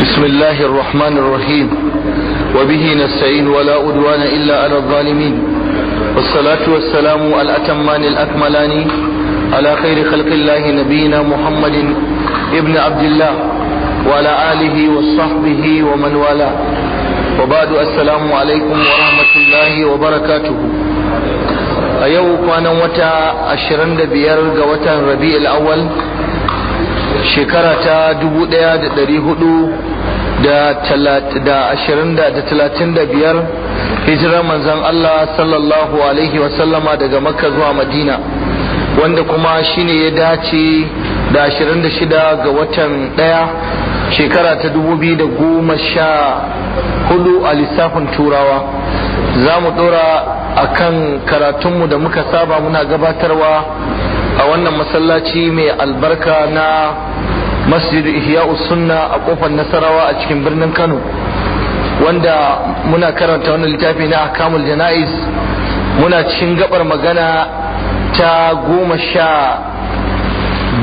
بسم الله الرحمن الرحيم وبه نستعين ولا أدوان إلا على الظالمين والصلاة والسلام الأتمان الأكملان على خير خلق الله نبينا محمد ابن عبد الله وعلى آله وصحبه ومن والاه وبعد السلام عليكم ورحمة الله وبركاته أيوة أنا وتا أشرند بيرغ وتا ربيع الأول shekara ta 1435 hijirar manzan Allah sallallahu alaihi wasallama daga makka zuwa madina wanda kuma shi ne ya dace da 26 ga watan ɗaya shekara ta 2014 a lissafin turawa za mu ɗora a kan karatunmu da muka saba muna gabatarwa a wannan masallaci mai albarka na masjid ihya sunna a kofar nasarawa a cikin birnin kano wanda muna karanta wannan littafi na ahkamul jana'is muna cikin gabar magana ta goma sha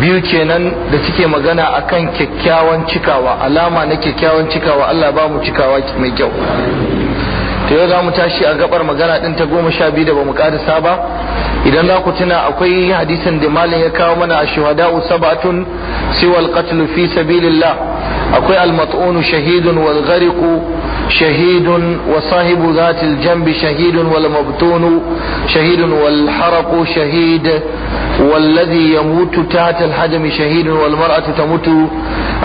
biyu kenan da suke magana akan kyakkyawan cikawa alama na kyakkyawan cikawa Allah ba mu cikawa mai kyau to yau za mu tashi a gabar magana din ta goma sha biyu da ba mu karisa ba idan za ku tuna akwai hadisin da malin ya kawo mana a shuhada'u sabatun siwal qatl fi sabilillah akwai al-mat'unu shahidun wal ghariqu shahidun wa sahibu zatil jambi shahidun wal mabtunu shahidun wal haraqu shahid والذي يموت تحت الحجم شهيد والمرأة تموت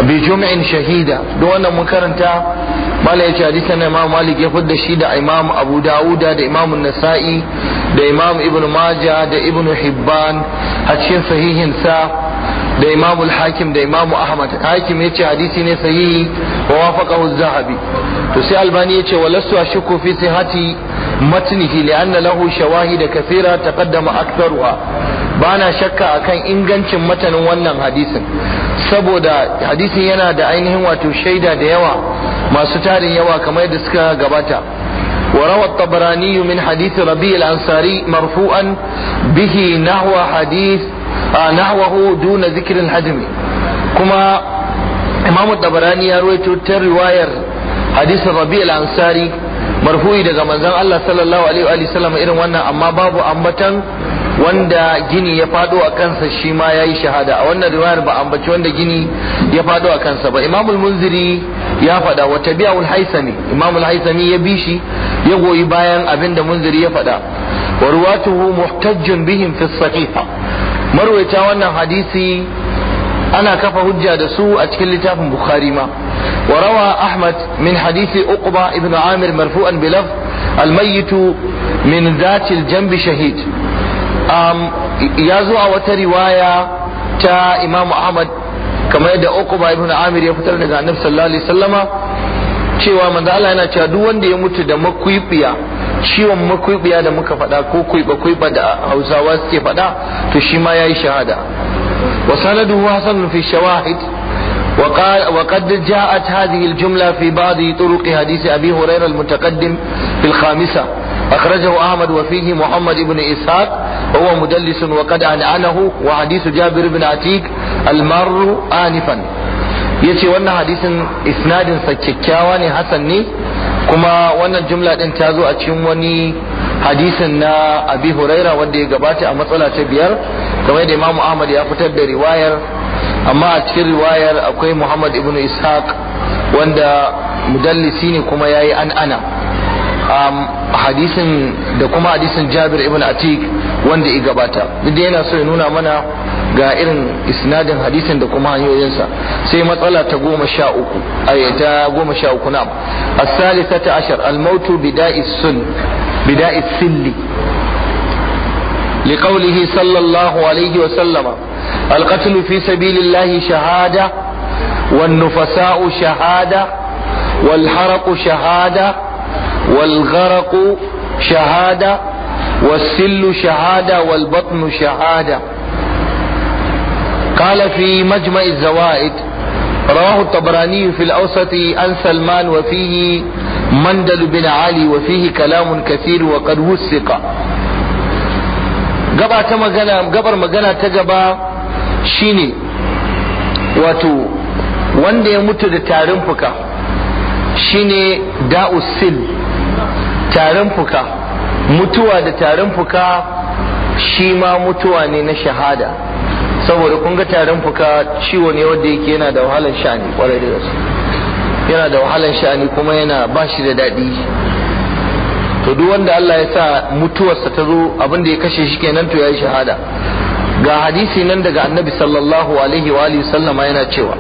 بجمع شهيدة دون مكرنتا mala ya ce hadisan na imam malik ya fudda shi da imam abu dawuda da imam nasa'i da imam ibn maja da ibn hibban a cikin sahihin sa da imam hakim da imam ahmad hakim ya ce hadisi ne sahihi wa wafaqahu az-zahabi to sai albani ya ce walastu ashku fi sihhati متنه لأن له شواهد كثيرة تقدم أكثرها بانا شك أكن إنغنش متن ونن حديث سبو دا حديث ينا دا عينه واتو شيدا دا يوا ما ستار يوا كما يدسكا قباتا وروى الطبراني من حديث ربيع الأنصاري مرفوعا به نحو حديث آه نحوه دون ذكر الحجم كما إمام الطبراني يروي تر رواية حديث ربيع الأنصاري marfu'i daga manzon Allah sallallahu alaihi wa sallam irin wannan amma babu ambatan wanda gini ya fado a kansa shi ma ya yi shahada a wannan riwayar ba ambaci wanda gini ya fado a kansa ba imamul munziri ya fada wa tabi'ul haisami imamul haisami ya bi shi ya goyi bayan abin da munziri ya fada wa ruwatuhu muhtajjun bihim fi sahiha marwaita wannan hadisi ana kafa hujja da su a cikin littafin bukhari ma وروى أحمد من حديث أقبة بن عامر مرفوعا بلفظ الميت min ذات الجنب shahid. ya zo a wata riwaya ta Imam Ahmad kamar yadda Uqba ibn Amir ya fitar daga Annabi sallallahu alaihi cewa manzo Allah yana cewa duk wanda ya mutu da makwibiya ciwon makwibiya da muka faɗa ko kuiba kuiba da Hausawa suke faɗa to shima ma yayi shahada wa sanaduhu hasanun fi shawahid وقال وقد جاءت هذه الجملة في بعض طرق حديث أبي هريرة المتقدم في الخامسة أخرجه أحمد وفيه محمد بن إسحاق هو مدلس وقد أنعنه وحديث جابر بن عتيق المار آنفا yace wannan hadisin isnadin sa kyakkyawa ne hasan ne kuma wannan jumla din ta zo a cikin wani hadisin na abi huraira wanda ya gabata a matsala ta biyar kamar da imamu ahmad ya fitar da riwayar amma a cikin riwayar akwai muhammad ibn ishaq wanda mudallisi ne kuma ya yi an'ana hadisin da kuma hadisin jabir ibn atik wanda i gabata duk yana so ya nuna mana ga irin isnadin hadisin da kuma hanyoyinsa sai matsala ta goma sha uku ta goma sha uku na asalisa ta ashar almautu bida'i silli liqawlihi sallallahu alaihi wa sallama القتل في سبيل الله شهادة والنفساء شهادة والحرق شهادة والغرق شهادة والسل شهادة والبطن شهادة قال في مجمع الزوائد رواه الطبراني في الأوسط عن سلمان وفيه مندل بن علي وفيه كلام كثير وقد وثق قبر تمغنى قبر مغنى تجبى shine wato wanda ya mutu da tarin fuka shine da'usil tarin fuka mutuwa da tarin fuka shi ma mutuwa ne na shahada saboda kun ga tarin fuka ciwo ne wanda yake yana da wahalar sha'ani kwarai da gaske yana da wahalar sha'ani kuma yana ba shi da daɗi to duk wanda Allah ya sa mutuwarsa ta zo abin da ya kashe shi kenan to ya yi shahada ga hadisi nan daga annabi sallallahu alaihi wa alihi sallama yana cewa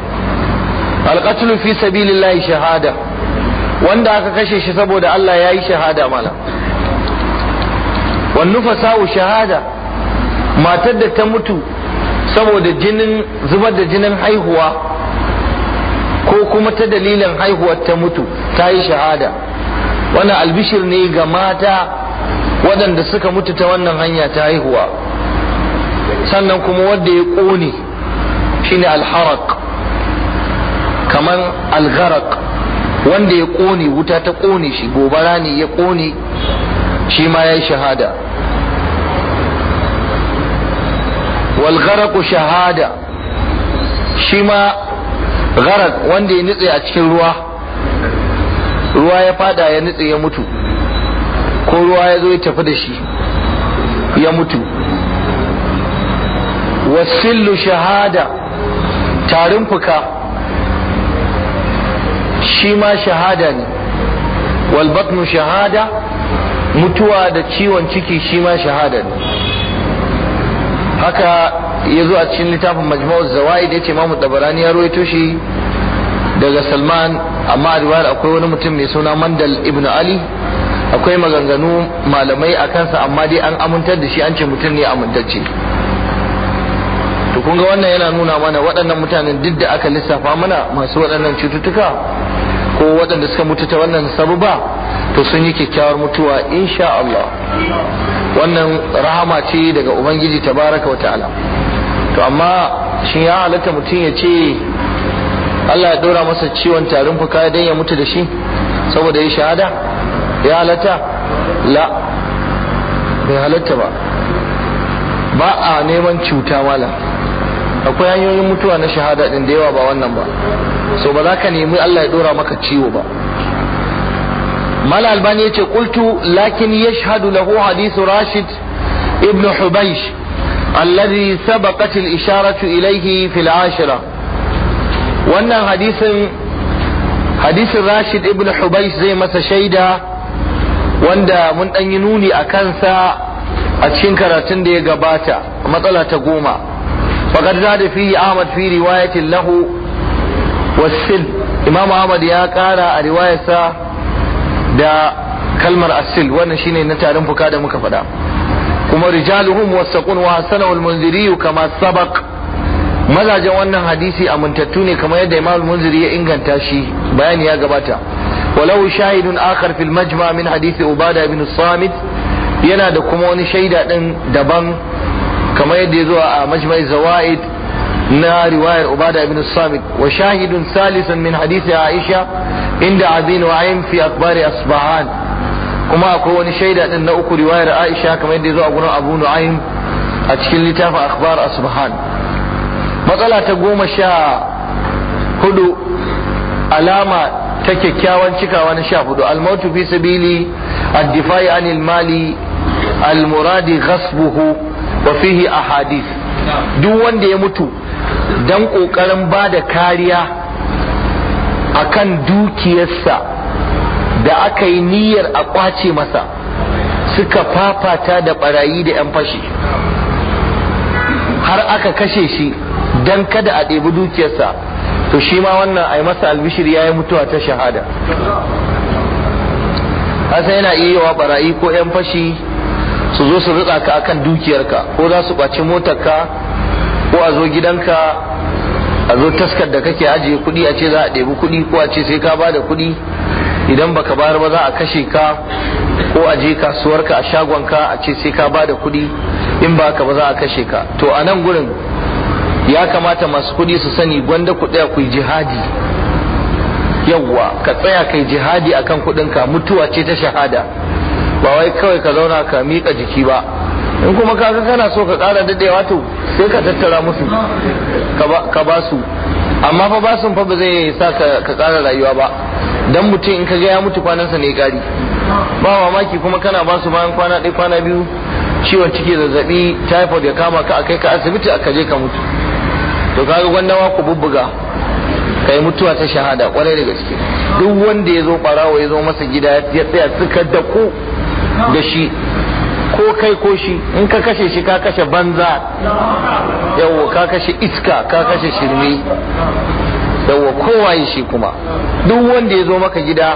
alqatlu fi sabilillahi shahada wanda aka kashe shi saboda Allah yayi shahada mala wan nufasa'u shahada matar da ta mutu saboda jinin zubar da jinin haihuwa ko kuma ta dalilin haihuwar ta mutu ta yi shahada wannan albishir ne ga mata waɗanda suka mutu ta wannan hanya ta haihuwa sannan kuma wanda ya ƙone shine alharaq kamar algharaq wanda ya ƙone wuta ta ƙone shi gobara ne ya ƙone shi ma ya yi shahada walgharaku shahada shi ma gharak wanda ya nutse a cikin ruwa ruwa ya fada ya nutse ya mutu ko ruwa ya zo ya tafi da shi ya mutu wasillu shahada tarin fuka shi ma shahada ne walbatnu shahada mutuwa da ciwon ciki shi ma shahada ne haka ya zo a cikin littafin majmu'uz zawaid yace mamu Tabarani ya ruwaito shi daga Salman amma a riwayar akwai wani mutum mai suna Mandal ibn Ali akwai maganganu malamai a kansa amma dai an amintar da shi an ce mutum ne amintacce kun ga wannan yana nuna mana waɗannan mutanen duk da aka lissafa mana masu waɗannan cututtuka ko waɗanda suka mutu ta wannan sababa to sun yi kyakkyawar mutuwa insha Allah wannan rahama ce daga ubangiji tabaraka wa ta'ala to amma shi ya halatta mutum ya ce Allah ya dora masa ciwon tarin fuka dan ya mutu da shi saboda ya shahada ya halatta la bai halatta ba ba a neman cuta malam. akwai hanyoyin mutuwa na shahada din da yawa ba wannan ba so ba za ka nemi Allah ya dora maka ciwo ba mala albani yace qultu lakin yashhadu lahu hadithu rashid ibn hubaysh alladhi sabaqat al-isharatu ilayhi fil ashira wannan hadisin hadisin rashid ibn hubaysh zai masa shaida wanda mun dan yi nuni a kansa a cikin karatun da ya gabata matsala ta goma faqad zada fi ahmad fi riwayatin lahu wasil imam ahmad ya kara a riwayarsa da kalmar asil wannan shine na tarin fuka da muka faɗa kuma rijaluhum wasaqun wa hasanahu al-munziri mazajen wannan hadisi amintattu ne kamar yadda imam al ya inganta shi bayani ya gabata walau shahidun akhar fil majma min hadisi obada ibn samid yana da kuma wani shaida din daban kamar yadda ya zuwa a majmai zawaid na riwayar ubada ibn samit wa shahidun salisan min hadisi aisha inda azin wa ayin fi akbari asbahan kuma akwai wani shaida din na uku riwayar aisha kamar yadda ya zuwa a gurin abu nu'aym a cikin littafin akbar asbahan matsala ta goma sha hudu alama ta kyakkyawan cikawa na sha hudu almautu fi sabili addifai anil mali almuradi ghasbuhu wa fihi hadis duk wanda ya mutu dan kokarin ba da kariya akan dukiyarsa da aka yi niyyar a kwace masa suka fafata da barayi da 'yan fashi har aka kashe shi don kada a ɗebi dukiyarsa to shi ma wannan a yi masa albishir ya yi mutuwa ta shahada asa yana iya wa barayi ko 'yan fashi su zo su rutsa ka akan dukiyarka ko za su ɓaci motarka ko a zo gidanka a zo taskar da kake ajiye kuɗi a ce za a ɗebi kuɗi ko a ce sai ka bada kuɗi idan baka bayar ba za a kashe ka ko a je kasuwarka a shagonka a ce sai ka bada kuɗi in ba ka ba za a kashe ka to a nan gurin ya kamata masu kuɗi su sani gwanda ku ɗaya ku yi jihadi yawwa ka tsaya kai jihadi akan kuɗinka mutuwa ce ta shahada ba wai kawai ka zauna ka miƙa jiki ba in kuma kaga kana so ka ƙara daɗewa to sai ka tattara musu ka ba su amma fa ba su fa ba zai sa ka ƙara rayuwa ba dan mutum in ka ga ya mutu kwanansa ne ƙari ba mamaki kuma kana ba su bayan kwana ɗaya kwana biyu ciwon ciki zazzabi typhoid ya kama ka kai ka asibiti aka je ka mutu to kaga gwandawa ku bubbuga kai mutuwa ta shahada kwarai daga gaske duk wanda ya zo ɓarawa ya zo masa gida ya tsaya suka ku da shi ko kai ko shi in ka kashe shi ka kashe banza yawo ka kashe iska ka kashe shirme yawo yi shi kuma duk wanda ya zo maka gida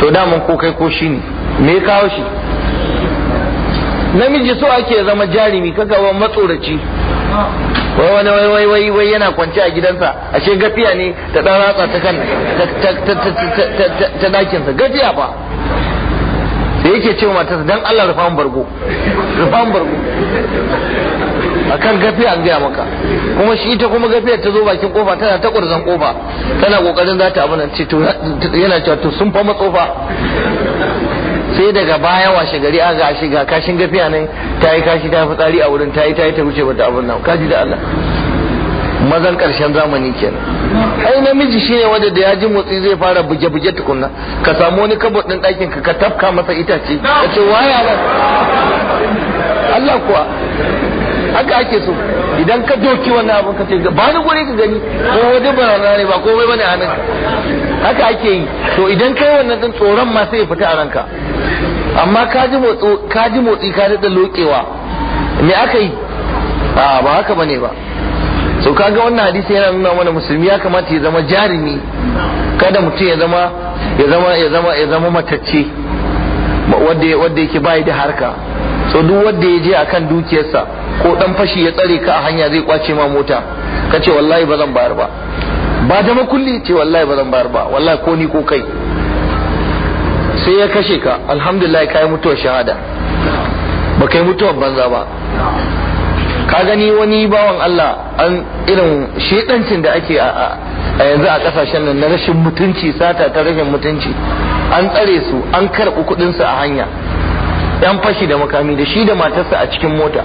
to daman ko kai ko shi ne me kawo shi namiji so ake zama jarimi kaga wa matsoraci wai wani wai wai wai yana kwance a gidansa ashe gafiya ne ta ɗan ratsa ta kan ta ɗakinsa gafiya ba yake cewa matarsa dan Allah rufa bargo rufa mu bargo akan gafiya an gaya maka kuma shi ita kuma gafiya ta zo bakin kofa tana ta kurzan kofa tana kokarin za ta abin ce to yana cewa to sun fa matsofa sai daga baya washe gari aga shiga kashin gafiya nan ta yi kashi ta fitsari a wurin ta yi ta yi ta wuce bata abin nan kaji da Allah mazan karshen zamani kenan ai namiji shine wanda da ya ji motsi zai fara buge-buge tukunna ka samu wani kabot din ɗakin ka ka tafka masa itace ka ce waya ba Allah kuwa haka ake so idan ka doki wannan abin ka ce ba ni gure ka gani ko wani barana ne ba komai bane a nan haka ake yi to idan kai wannan din tsoron ma sai ya fita a ranka amma ka ji motsi ka ji motsi ka daɗa lokewa me aka yi ba haka bane ba so kaga wannan hadisi yana nuna mana musulmi ya kamata ya zama jarumi kada mutum ya zama ya zama ya zama ya zama matacce wanda wanda yake bai da harka so duk wanda ya je akan dukiyarsa ko dan fashi ya tsare ka a hanya zai kwace ma mota kace wallahi ba zan bayar ba ba da makulli ce wallahi ba zan bayar ba wallahi ko ni ko kai sai ya kashe ka alhamdulillah kai mutuwar shahada ba kai mutuwar banza ba ka gani wani bawan Allah an irin shedancin da ake a yanzu a kasashen nan na rashin mutunci sata ta rashin mutunci an tsare su an karɓi kuɗin su a hanya yan fashi da makami da shi da matarsa a cikin mota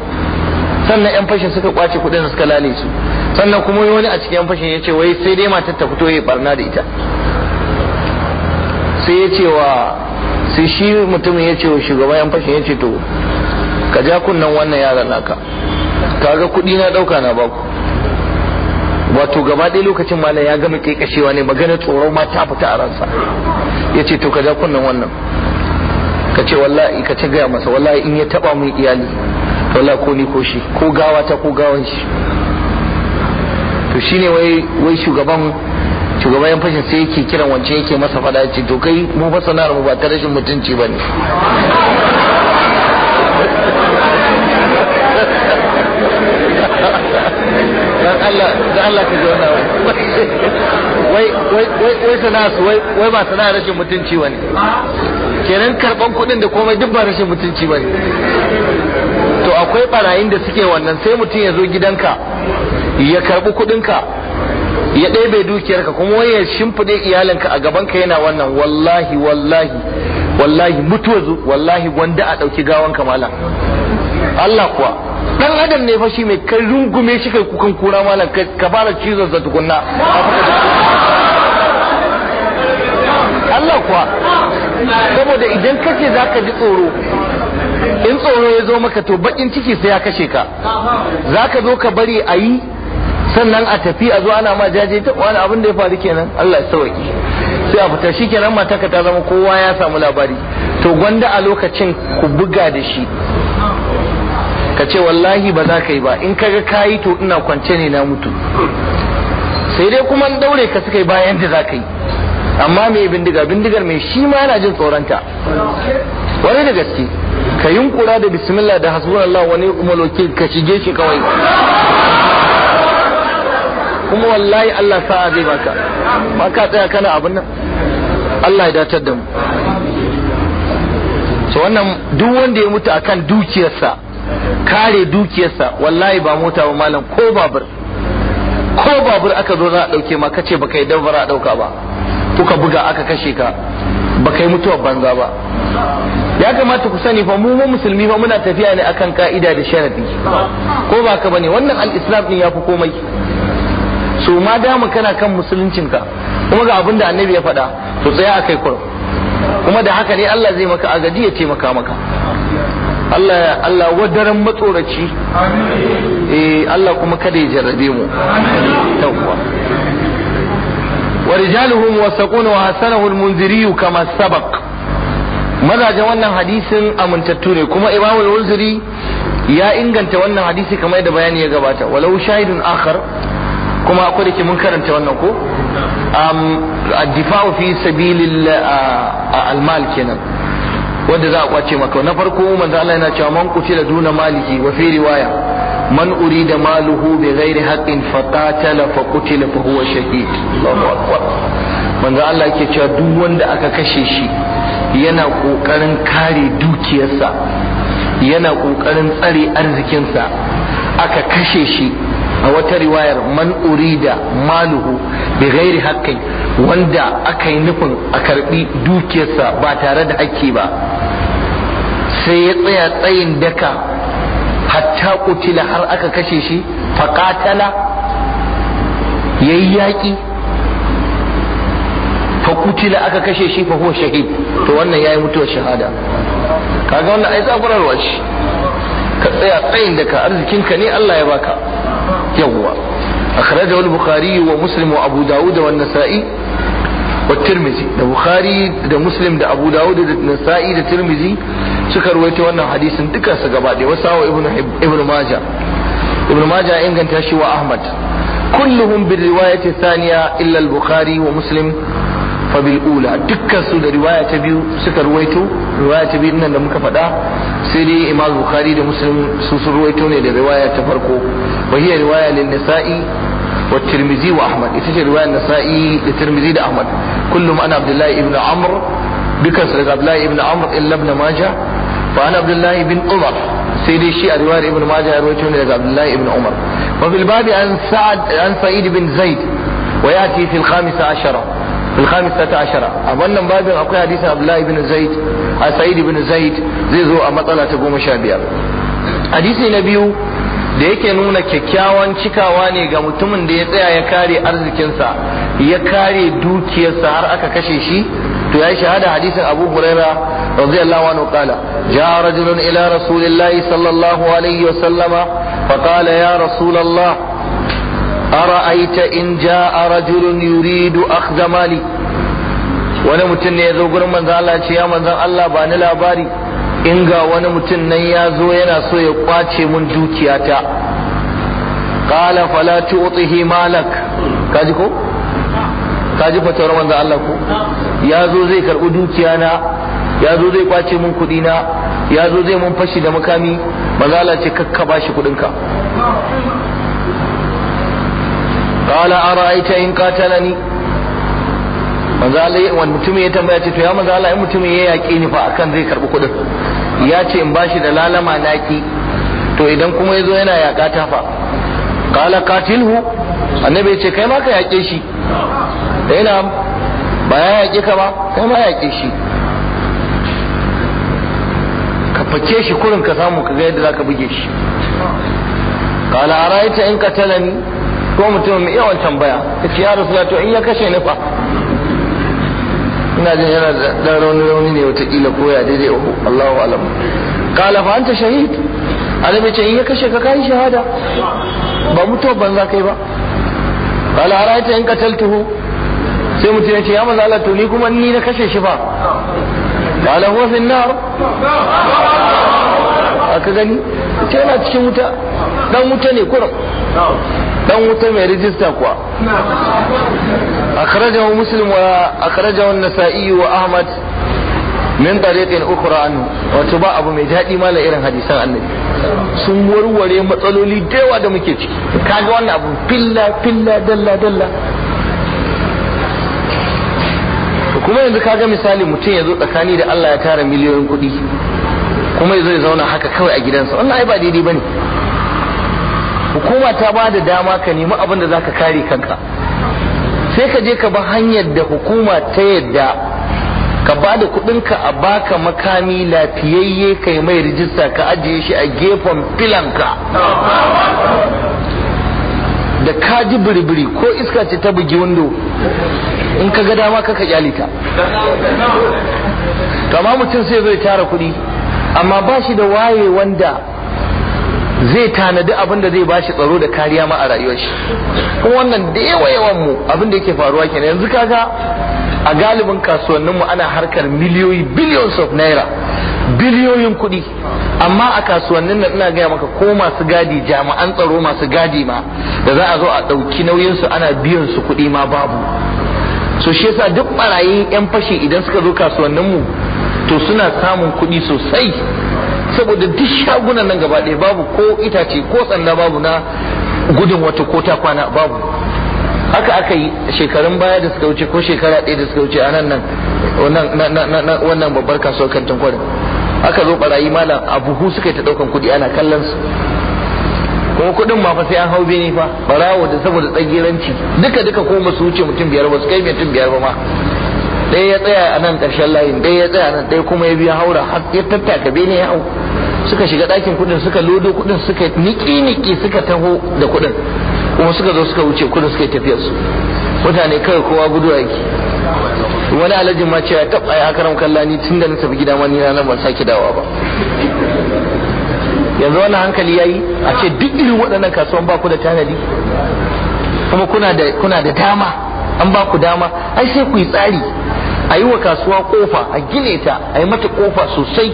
sannan yan fashin suka kwace kuɗin suka lale su sannan kuma wani a cikin yan fashin ya ce wai sai dai matar ta fito ya barna da ita sai ya ce wa sai shi mutumin ya ce wa shugaban yan fashin ya ce to ka ja kunnen wannan yaran naka kaga kuɗi na ɗauka na baku wato gaba ɗaya lokacin malam ya gama ƙeƙashewa ne magana tsoron ma ta fita a ransa ya ce to ka ja kunnen wannan ka ce wallahi ka ce gaya masa wallahi in ya taɓa mun iyali wallahi ko ni ko shi ko gawa ta ko gawan shi to shine wai wai shugaban shugaban yan fashin sai yake kiran wancan yake masa fada ya ce to kai mu fa sana'ar mu ba ta rashin mutunci bane dan Allah dan Allah ka ji wannan wai wai wai wai su wai wai ba sana'a rashin mutunci bane kenan karban kuɗin da komai duk ba rashin mutunci bane to akwai barayin da suke wannan sai mutum ya zo gidanka ya karbi kuɗinka ya ɗebe dukiyarka kuma wai ya shimfiɗe iyalinka a gabanka yana wannan wallahi wallahi wallahi mutuwa wallahi wanda a ɗauki gawanka malam Allah kuwa dan adam ne fa shi mai kai rungume shi kai kukan kura malam ka fara cizon sa tukunna Allah kuwa saboda idan kace zaka ji tsoro in tsoro ya zo maka to bakin ciki sai ya kashe ka zaka zo ka bari a yi sannan a tafi a zo ana ma jaje ta wani abin da ya faru kenan Allah ya sauki sai a fita shi kenan mataka ta zama kowa ya samu labari to gwanda a lokacin ku buga da shi ka ce wallahi ba za ka yi ba in kaga ka yi to ina kwance ne na mutu sai dai kuma an daure ka suka yi bayan da za ka yi amma mai bindiga bindigar mai shi ma yana jin tsoronta wani da gaske ka kura da bismillah da Allah wani umaloki ka shige shi kawai kuma wallahi Allah sa'a zai baka ba ka tsaya kana abin nan Allah ya datar da mu so wannan duk wanda ya mutu akan dukiyarsa kare dukiyarsa wallahi ba mota ba malam ko babur ko babur aka zo za a dauke ma kace baka yi dabara a dauka ba kuka buga aka kashe ka baka yi mutuwar banza ba ya kamata ku sani fa mu mu musulmi fa muna tafiya ne akan ka'ida da sharadi ko ba ka bane wannan al-islam din yafi komai so ma dama kana kan musuluncin ka kuma ga abinda annabi ya faɗa to tsaya akai kurum kuma da haka ne Allah zai maka agaji ya taimaka maka Allah ya Allah wadaran matsoraci eh Allah kuma kada ya jarrabe mu tawwa wa rijaluhum wasaqun wa hasanahu al kama sabaq mazajen wannan hadisin amintattu ne kuma Imam al ya inganta wannan hadisi kamar da bayani ya gabata walau shahidun akhar kuma akwai dake mun karanta wannan ko um ad-difa'u fi sabilillah al-mal kenan wanda za a kwace maka na farko manzo Allah yana cewa man kutila duna maliki wa fi riwaya man urida maluhu bi ghairi haqqin qatala fa kutila fa huwa shahid Allahu akbar manzo Allah yake cewa duk wanda aka kashe shi yana kokarin kare dukiyarsa yana kokarin tsare arzikinsa aka kashe shi a wata riwayar man urida maluhu bi ghairi haqqin wanda aka yi nufin a karɓi dukiyarsa ba tare da ake ba sai ya tsaya tsayin daka hatta kutila har aka kashe shi faqatala yayi yaki kutila aka kashe shi fa huwa shahid to wannan ya yi mutuwar shahada kaga wannan ai zaburarwa shi ka tsaya tsayin daka arzikinka ne Allah ya baka yawwa akhrajahu al-bukhari wa muslim wa abu daud wa an-nasa'i wa tirmizi da bukhari da muslim da abu daud da nasa'i da tirmizi suka ruwaito wannan hadisin duka su gaba da wasa wa ibnu ibnu majah ibnu majah inganta shi wa ahmad kulluhum bil riwayati thaniya illa al bukhari wa muslim fa bil ula dukkan su da riwaya ta biyu suka ruwaito riwaya ta biyu nan da muka faɗa sai dai imam bukhari da muslim sun ruwaito ne da riwaya ta farko وهي رواية للنسائي والترمذي وأحمد إتجه رواية النساء للترمذي لأحمد كلهم أنا عبد الله بن عمر بكسر عبد الله بن عمر إلا ابن ماجه وأنا عبد الله بن عمر سيدي شيء رواية ابن ماجه رويته عبد الله بن عمر وفي الباب عن سعد عن سعيد بن زيد ويأتي في الخامسة عشرة في الخامسة عشرة أولا باب أقوى حديث عبد الله بن زيد سعيد بن زيد زيزو أمطلة بومشابية حديث نبيو da yake nuna kyakkyawan cikawa ne ga mutumin da ya tsaya ya kare arzikinsa ya kare dukiyarsa har aka kashe shi to ya shahada hadisin abu huraira radiyallahu anhu qala ja rajulun ila rasulillahi sallallahu alaihi wa sallama fa qala ya rasulallah ara'aita in jaa rajulun yuridu akhdha mali wani mutum ne ya zo gurin manzon Allah ya ce ya manzon Allah ba ni labari in ga wani mutum nan ya zo yana so ya kwace mun dukiyata qala fala tu'tihi malak kaji ko kaji fatawar manzo Allah ko ya zo zai karbi dukiyana ya zo zai kwace mun kudi na ya zo zai mun fashi da makami manzo Allah ce kakka bashi kudin ka qala araita in qatalani manzo Allah wani mutum ya tambaya ce to ya manzo Allah in mutum ya yaƙe ni fa akan zai karbi kudin ya ce in bashi da lalama naki to idan kuma yazo yana yaƙa ta fa qala qatilhu annabi ya ce kai ma ka yake shi ina ba ya yake ka ba kai ma yake shi ka fake shi kurin ka samu ka ga yadda zaka buge shi qala araita in qatalani ko mutum mai yawan tambaya ya ya to in ya kashe ni fa ina jin yana da dan rauni rauni ne wata kila ya daidai uku Allahu alam kala fa anta shahid alabi ce in ya kashe ka kai shahada ba mutuwa za kai ba qala araita in qataltuhu sai mutum ya ce ya maza Allah to ni kuma ni na kashe shi ba kala huwa fi nar aka gani ce yana cikin wuta dan wuta ne kurum dan wuta mai rijista kuwa أخرجه مسلم وأخرجه النسائي وأحمد من طريق أخرى عنه wato ba abu ما لا إيران irin hadisan annabi sun warware matsaloli da yawa da muke ciki kaga wannan abu filla filla dalla dalla kuma yanzu kaga misali mutum ya zo tsakani da Allah ya tara miliyoyin kuɗi kuma ya zo ya zauna haka kawai a gidansa wannan ai ba daidai bane hukuma ta ba da dama ka nemi abin da zaka kare kanka sai ka je ka ba hanyar da hukuma ta yadda ka ba da kudinka a baka makami lafiyayye kai mai rijista ka ajiye shi a gefen filanka da ka ji biribiri ko iska ce ta bugi wando in ka ga dama kaka kyalita ta kama mutum sai zai tara kudi amma ba shi da waye wanda zai tanadi abin da zai bashi tsaro da kariya ma a rayuwar shi kuma wannan da yawa yawan mu abin da yake faruwa kenan yanzu kaga a galibin kasuwannin mu ana harkar miliyoyi billions of naira biliyoyin kuɗi amma a kasuwannin nan ina gaya maka ko masu gadi jami'an tsaro masu gadi ma da za a zo a ɗauki nauyin su ana biyan su kuɗi ma babu so shi yasa duk barayin yan fashi idan suka zo kasuwannin mu to suna samun kuɗi sosai saboda duk shagunan nan gaba ɗaya babu ko itace ko tsanda babu na gudun wata ko ta kwana babu haka aka yi shekarun baya da suka wuce ko shekara ɗaya da suka wuce a nan nan wannan babbar kasuwar kantin kwarin aka zo barayi malam a buhu suka yi ta ɗaukan kuɗi ana kallon su kuma kuɗin ma fa sai an hau bene fa barawo da saboda tsagiranci duka duka ko masu wuce mutum biyar ba su kai mutum biyar ba ma ɗaya ya tsaya a nan ƙarshen layin ɗaya ya tsaya nan ɗaya kuma ya biya haura har ya tattaka bene ya yawo suka shiga ɗakin kuɗin suka lodo kuɗin suka niki niki suka taho da kuɗin kuma suka zo suka wuce kuɗin suka yi tafiyar su mutane kawai kowa gudu yake wani alajin ma cewa tab karam kalla ni tun da na tafi gida ma ni na ban sake dawa ba yanzu wannan hankali yayi a ce duk irin waɗannan kasuwan ba ku da tanadi kuma kuna da kuna da dama an ba ku dama ai sai ku yi tsari a yi wa kasuwa kofa a gine ta a yi mata kofa sosai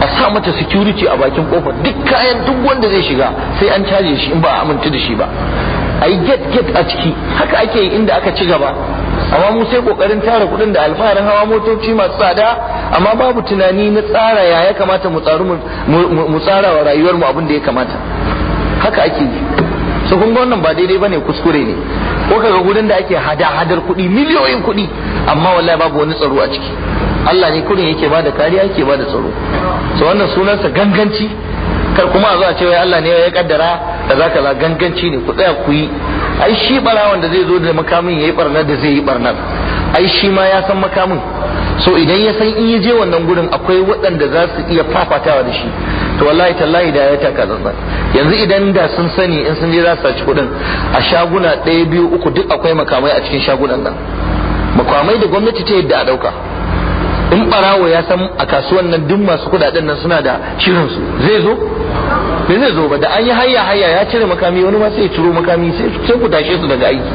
a sa mata security a bakin kofa duk kayan duk wanda zai shiga sai an caje shi in ba a aminta da shi ba a yi get get a ciki haka ake yi inda aka ci gaba amma mu sai kokarin tara kudin da alfaharin hawa motoci masu tsada amma babu tunani na tsara ya ya kamata mu tsara wa rayuwar mu abin da ya kamata haka ake yi to kun ga wannan ba daidai bane kuskure ne ko kaga gurin da ake hada hadar kuɗi miliyoyin kuɗi amma wallahi babu wani tsaro a ciki Allah ne kurin yake bada kariya yake bada tsaro so wannan sunansa ganganci kar kuma a zo a ce wai Allah ne ya kaddara da zaka la ganganci ne ku tsaya ku yi ai shi barawon da zai zo da makamin yayi barnar da zai yi barnar ai shi ma ya san makamin so idan ya san in ya je wannan gurin akwai waɗanda za su iya fafatawa da shi to wallahi tallahi da ya taka yanzu idan da sun sani in sun je za su saci kuɗin a shaguna ɗaya biyu uku duk akwai makamai a cikin shagunan nan makamai da gwamnati ta yadda a ɗauka in barawo ya san a kasuwan nan duk masu kuɗaɗen nan suna da shirinsu zai zo Me zai zo ba da an yi hayya hayya ya cire makami wani ma sai ya ciro makami sai ku tashe su daga aiki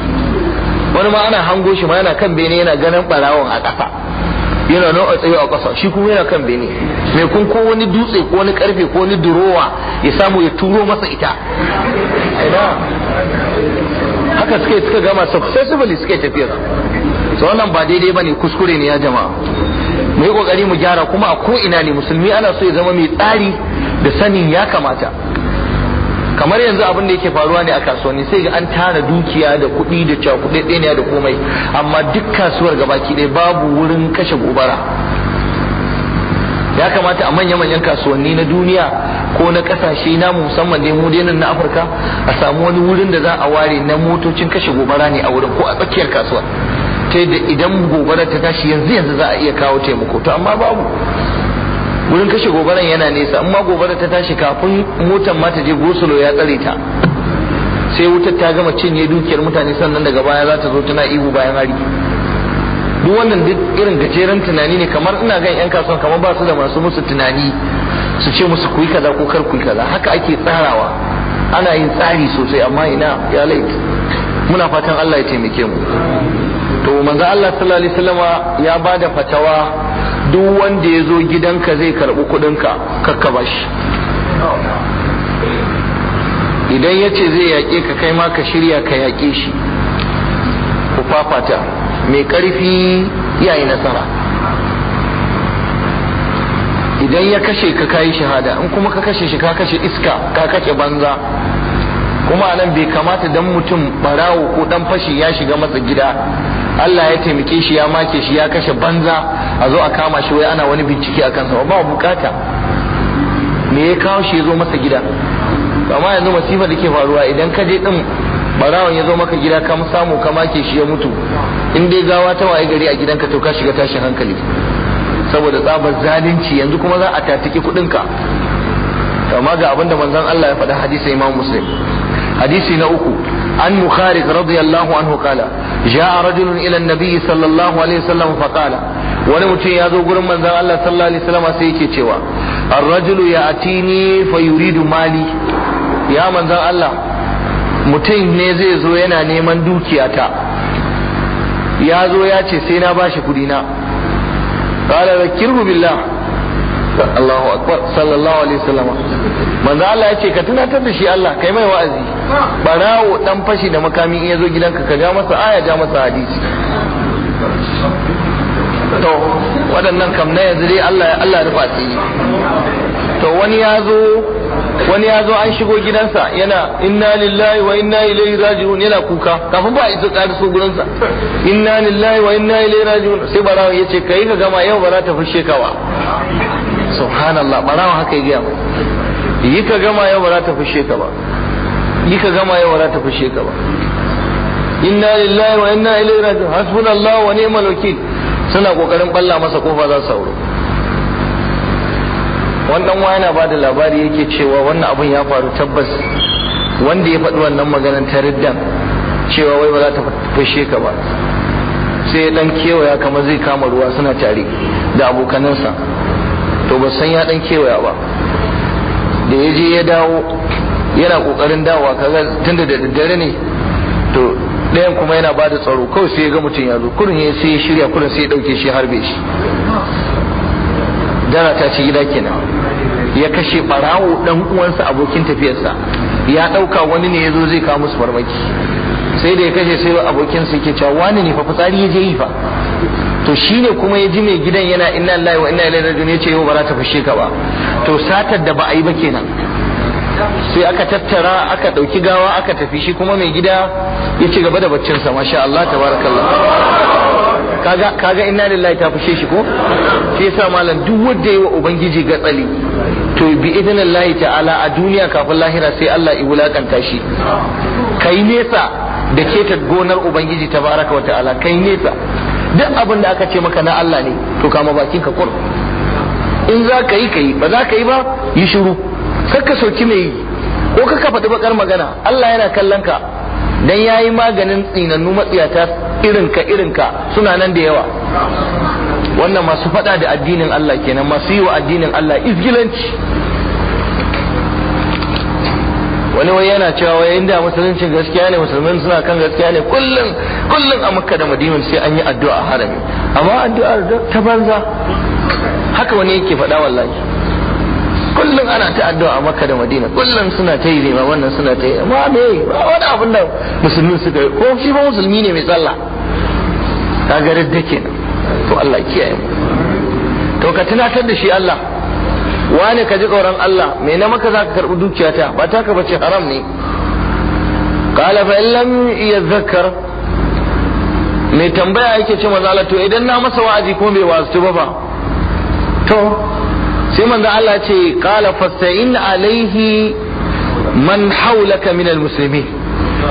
wani ma ana hango shi ma yana kan bene yana ganin barawon a ƙasa yana nan a tsaye a ƙasa shi kuma yana kan bene mai kun ko wani dutse ko wani karfe ko wani durowa ya samu ya turo masa ita haka suke suka gama successfully suke tafiyar su wannan ba daidai ba ne kuskure ne ya jama'a mu yi kokari mu gyara kuma a ko ina ne musulmi ana so ya zama mai tsari da sanin ya kamata kamar yanzu abin da yake faruwa ne a kasuwanni sai ga an tara dukiya da kuɗi da cakuɗe ɗaya da komai amma duk kasuwar gabaki ɗaya babu wurin kashe gobara ya kamata a manya-manyan kasuwanni na duniya ko na kasashe na musamman dai mu na afirka a samu wani wurin da za a ware na motocin kashe gobara ne a wurin ko a tsakiyar kasuwa ta yadda idan gobara ta tashi yanzu yanzu za a iya kawo taimako to amma babu wurin kashe gobaran yana nesa amma gobara ta tashi kafin motar ma ta je gosulo ya tsare ta sai wutar ta gama cinye dukiyar mutane sannan daga baya za ta zo tana ihu bayan hari duk wannan duk irin gajeren tunani ne kamar ina gan yan kasuwan kamar ba su da masu musu tunani su ce musu kuyi kaza ko kar kuyi kaza haka ake tsarawa ana yin tsari sosai amma ina ya lait muna fatan Allah ya taimake mu to manzo Allah sallallahu alaihi wasallama ya bada fatawa duk wanda ya zo gidanka zai karɓi kuɗinka kakka ba shi idan ya ce zai yaƙe ka kai ma ka shirya ka yaƙe shi ku fafata mai ƙarfi ya yi nasara idan ya kashe ka kayi shahada in kuma ka kashe shi ka kashe iska ka kake banza kuma nan bai kamata dan mutum barawo ko dan fashi ya shiga masa gida Allah ya taimake shi ya make shi ya kashe banza a zo a kama shi wai ana wani bincike a kansa ba bukata me ya kawo shi ya zo masa gida amma yanzu masifa da ke faruwa idan ka je din barawon ya zo maka gida ka samu ka make shi ya mutu in dai gawa ta waye gari a gidanka to ka shiga tashin hankali saboda tsabar zalunci yanzu kuma za a tatiki ka amma ga abinda manzon Allah ya faɗa hadisi Imam Muslim hadisi na uku an Mukharik radiyallahu anhu kala جاء رجل إلى النبي صلى الله عليه وسلم فقال ونمتي يا ذو قرم من الله صلى الله عليه وسلم سيكي تشوى الرجل يأتيني فيريد مالي يا من ذا الله mutum ne zai zo yana neman dukiyata ya zo ya ce sai na bashi kudina qala zakirhu billah Allahu akbar sallallahu alaihi wasallam manzo Allah yace ka tunatar da shi Allah kai mai wa'azi barawo dan fashi da makami in yazo gidanka ka ga masa aya ga masa hadisi to waɗannan kam na yanzu dai Allah Allah rufa tsiri to wani ya zo wani ya zo an shigo gidansa yana inna lillahi wa inna ilaihi raji'un yana kuka kafin ba isa tsari so gurinsa inna lillahi wa inna ilaihi raji'un sai barawo yace kai ka gama yau ba za ta fushe ka ba subhanallah barawa haka ya gaya yi ka gama yau ba za ta fushe ka ba yi ka gama yau ba za ta fushe ka ba inna lillahi wa inna ilaihi raji'un hasbunallahu wa ni'mal wakil suna kokarin balla masa kofa za su sauro wannan wa na bada labari yake cewa wannan abun ya faru tabbas wanda ya faɗi wannan maganar ta riddan cewa wai ba za ta fushe ka ba sai ya dan kewaya kamar zai kama ruwa suna tare da abokanansa to ba san ya dan kewaya ba da ya je ya dawo yana kokarin dawowa kaga tunda da daddare ne to ɗayan kuma yana ba da tsaro kawai sai ya ga mutum ya zo kurin ya sai ya shirya kurin sai ya ɗauke shi harbe shi dara ta ci gida kenan ya kashe ɓarawo ɗan uwansa abokin tafiyarsa ya ɗauka wani ne ya zo zai kawo musu farmaki sai da ya kashe sai abokinsa yake cewa wani ne fa fitsari ya je yi fa to shine kuma ya ji mai gidan yana inna lillahi wa inna ilaihi raji'un yace yau ba za ta fushe ka ba to satar da ba a yi ba kenan sai aka tattara aka dauki gawa aka tafi shi kuma mai gida ya ci gaba da baccin sa masha Allah tabarakallah kaga kaga inna lillahi ta fushe shi ko sai yasa malam duk wanda yi wa ubangiji gatsali to bi ta ta'ala a duniya kafin lahira sai Allah ya wulakanta shi kai nesa da ketar gonar ubangiji tabaraka wa ta'ala kai nesa duk abin da aka ce maka na Allah ne to kama bakin ka kur in za ka yi ka yi ba za ka yi ba yi shiru ka soki mai yi ko ka ka faɗi bakar magana Allah yana kallon ka dan yayi maganin tsinannu matsiyata irinka ka suna nan da yawa wannan masu faɗa da addinin Allah kenan masu yi wa addinin Allah izgilanci wani wai yana cewa wai inda musuluncin gaskiya ne musulmin suna kan gaskiya ne kullum kullum a makka da madina sai an yi addu'a harami amma addu'a ta banza haka wani yake faɗa wallahi kullum ana ta addu'a a makka da madina kullum suna ta yi ma wannan suna ta yi amma me wani abin da musulmi suka yi ko shi ba musulmi ne mai tsalla ka ga da to Allah kiyaye mu to ka tunatar da shi Allah wane ka ji tsoron Allah me na maka zaka karɓi dukiyata ba taka bace haram ne qala fa lam zakar me tambaya yake ce manzo to idan na masa wa'azi kuma bai wasu ba ba to sai manzo Allah ce qala in alaihi man haulaka min almuslimin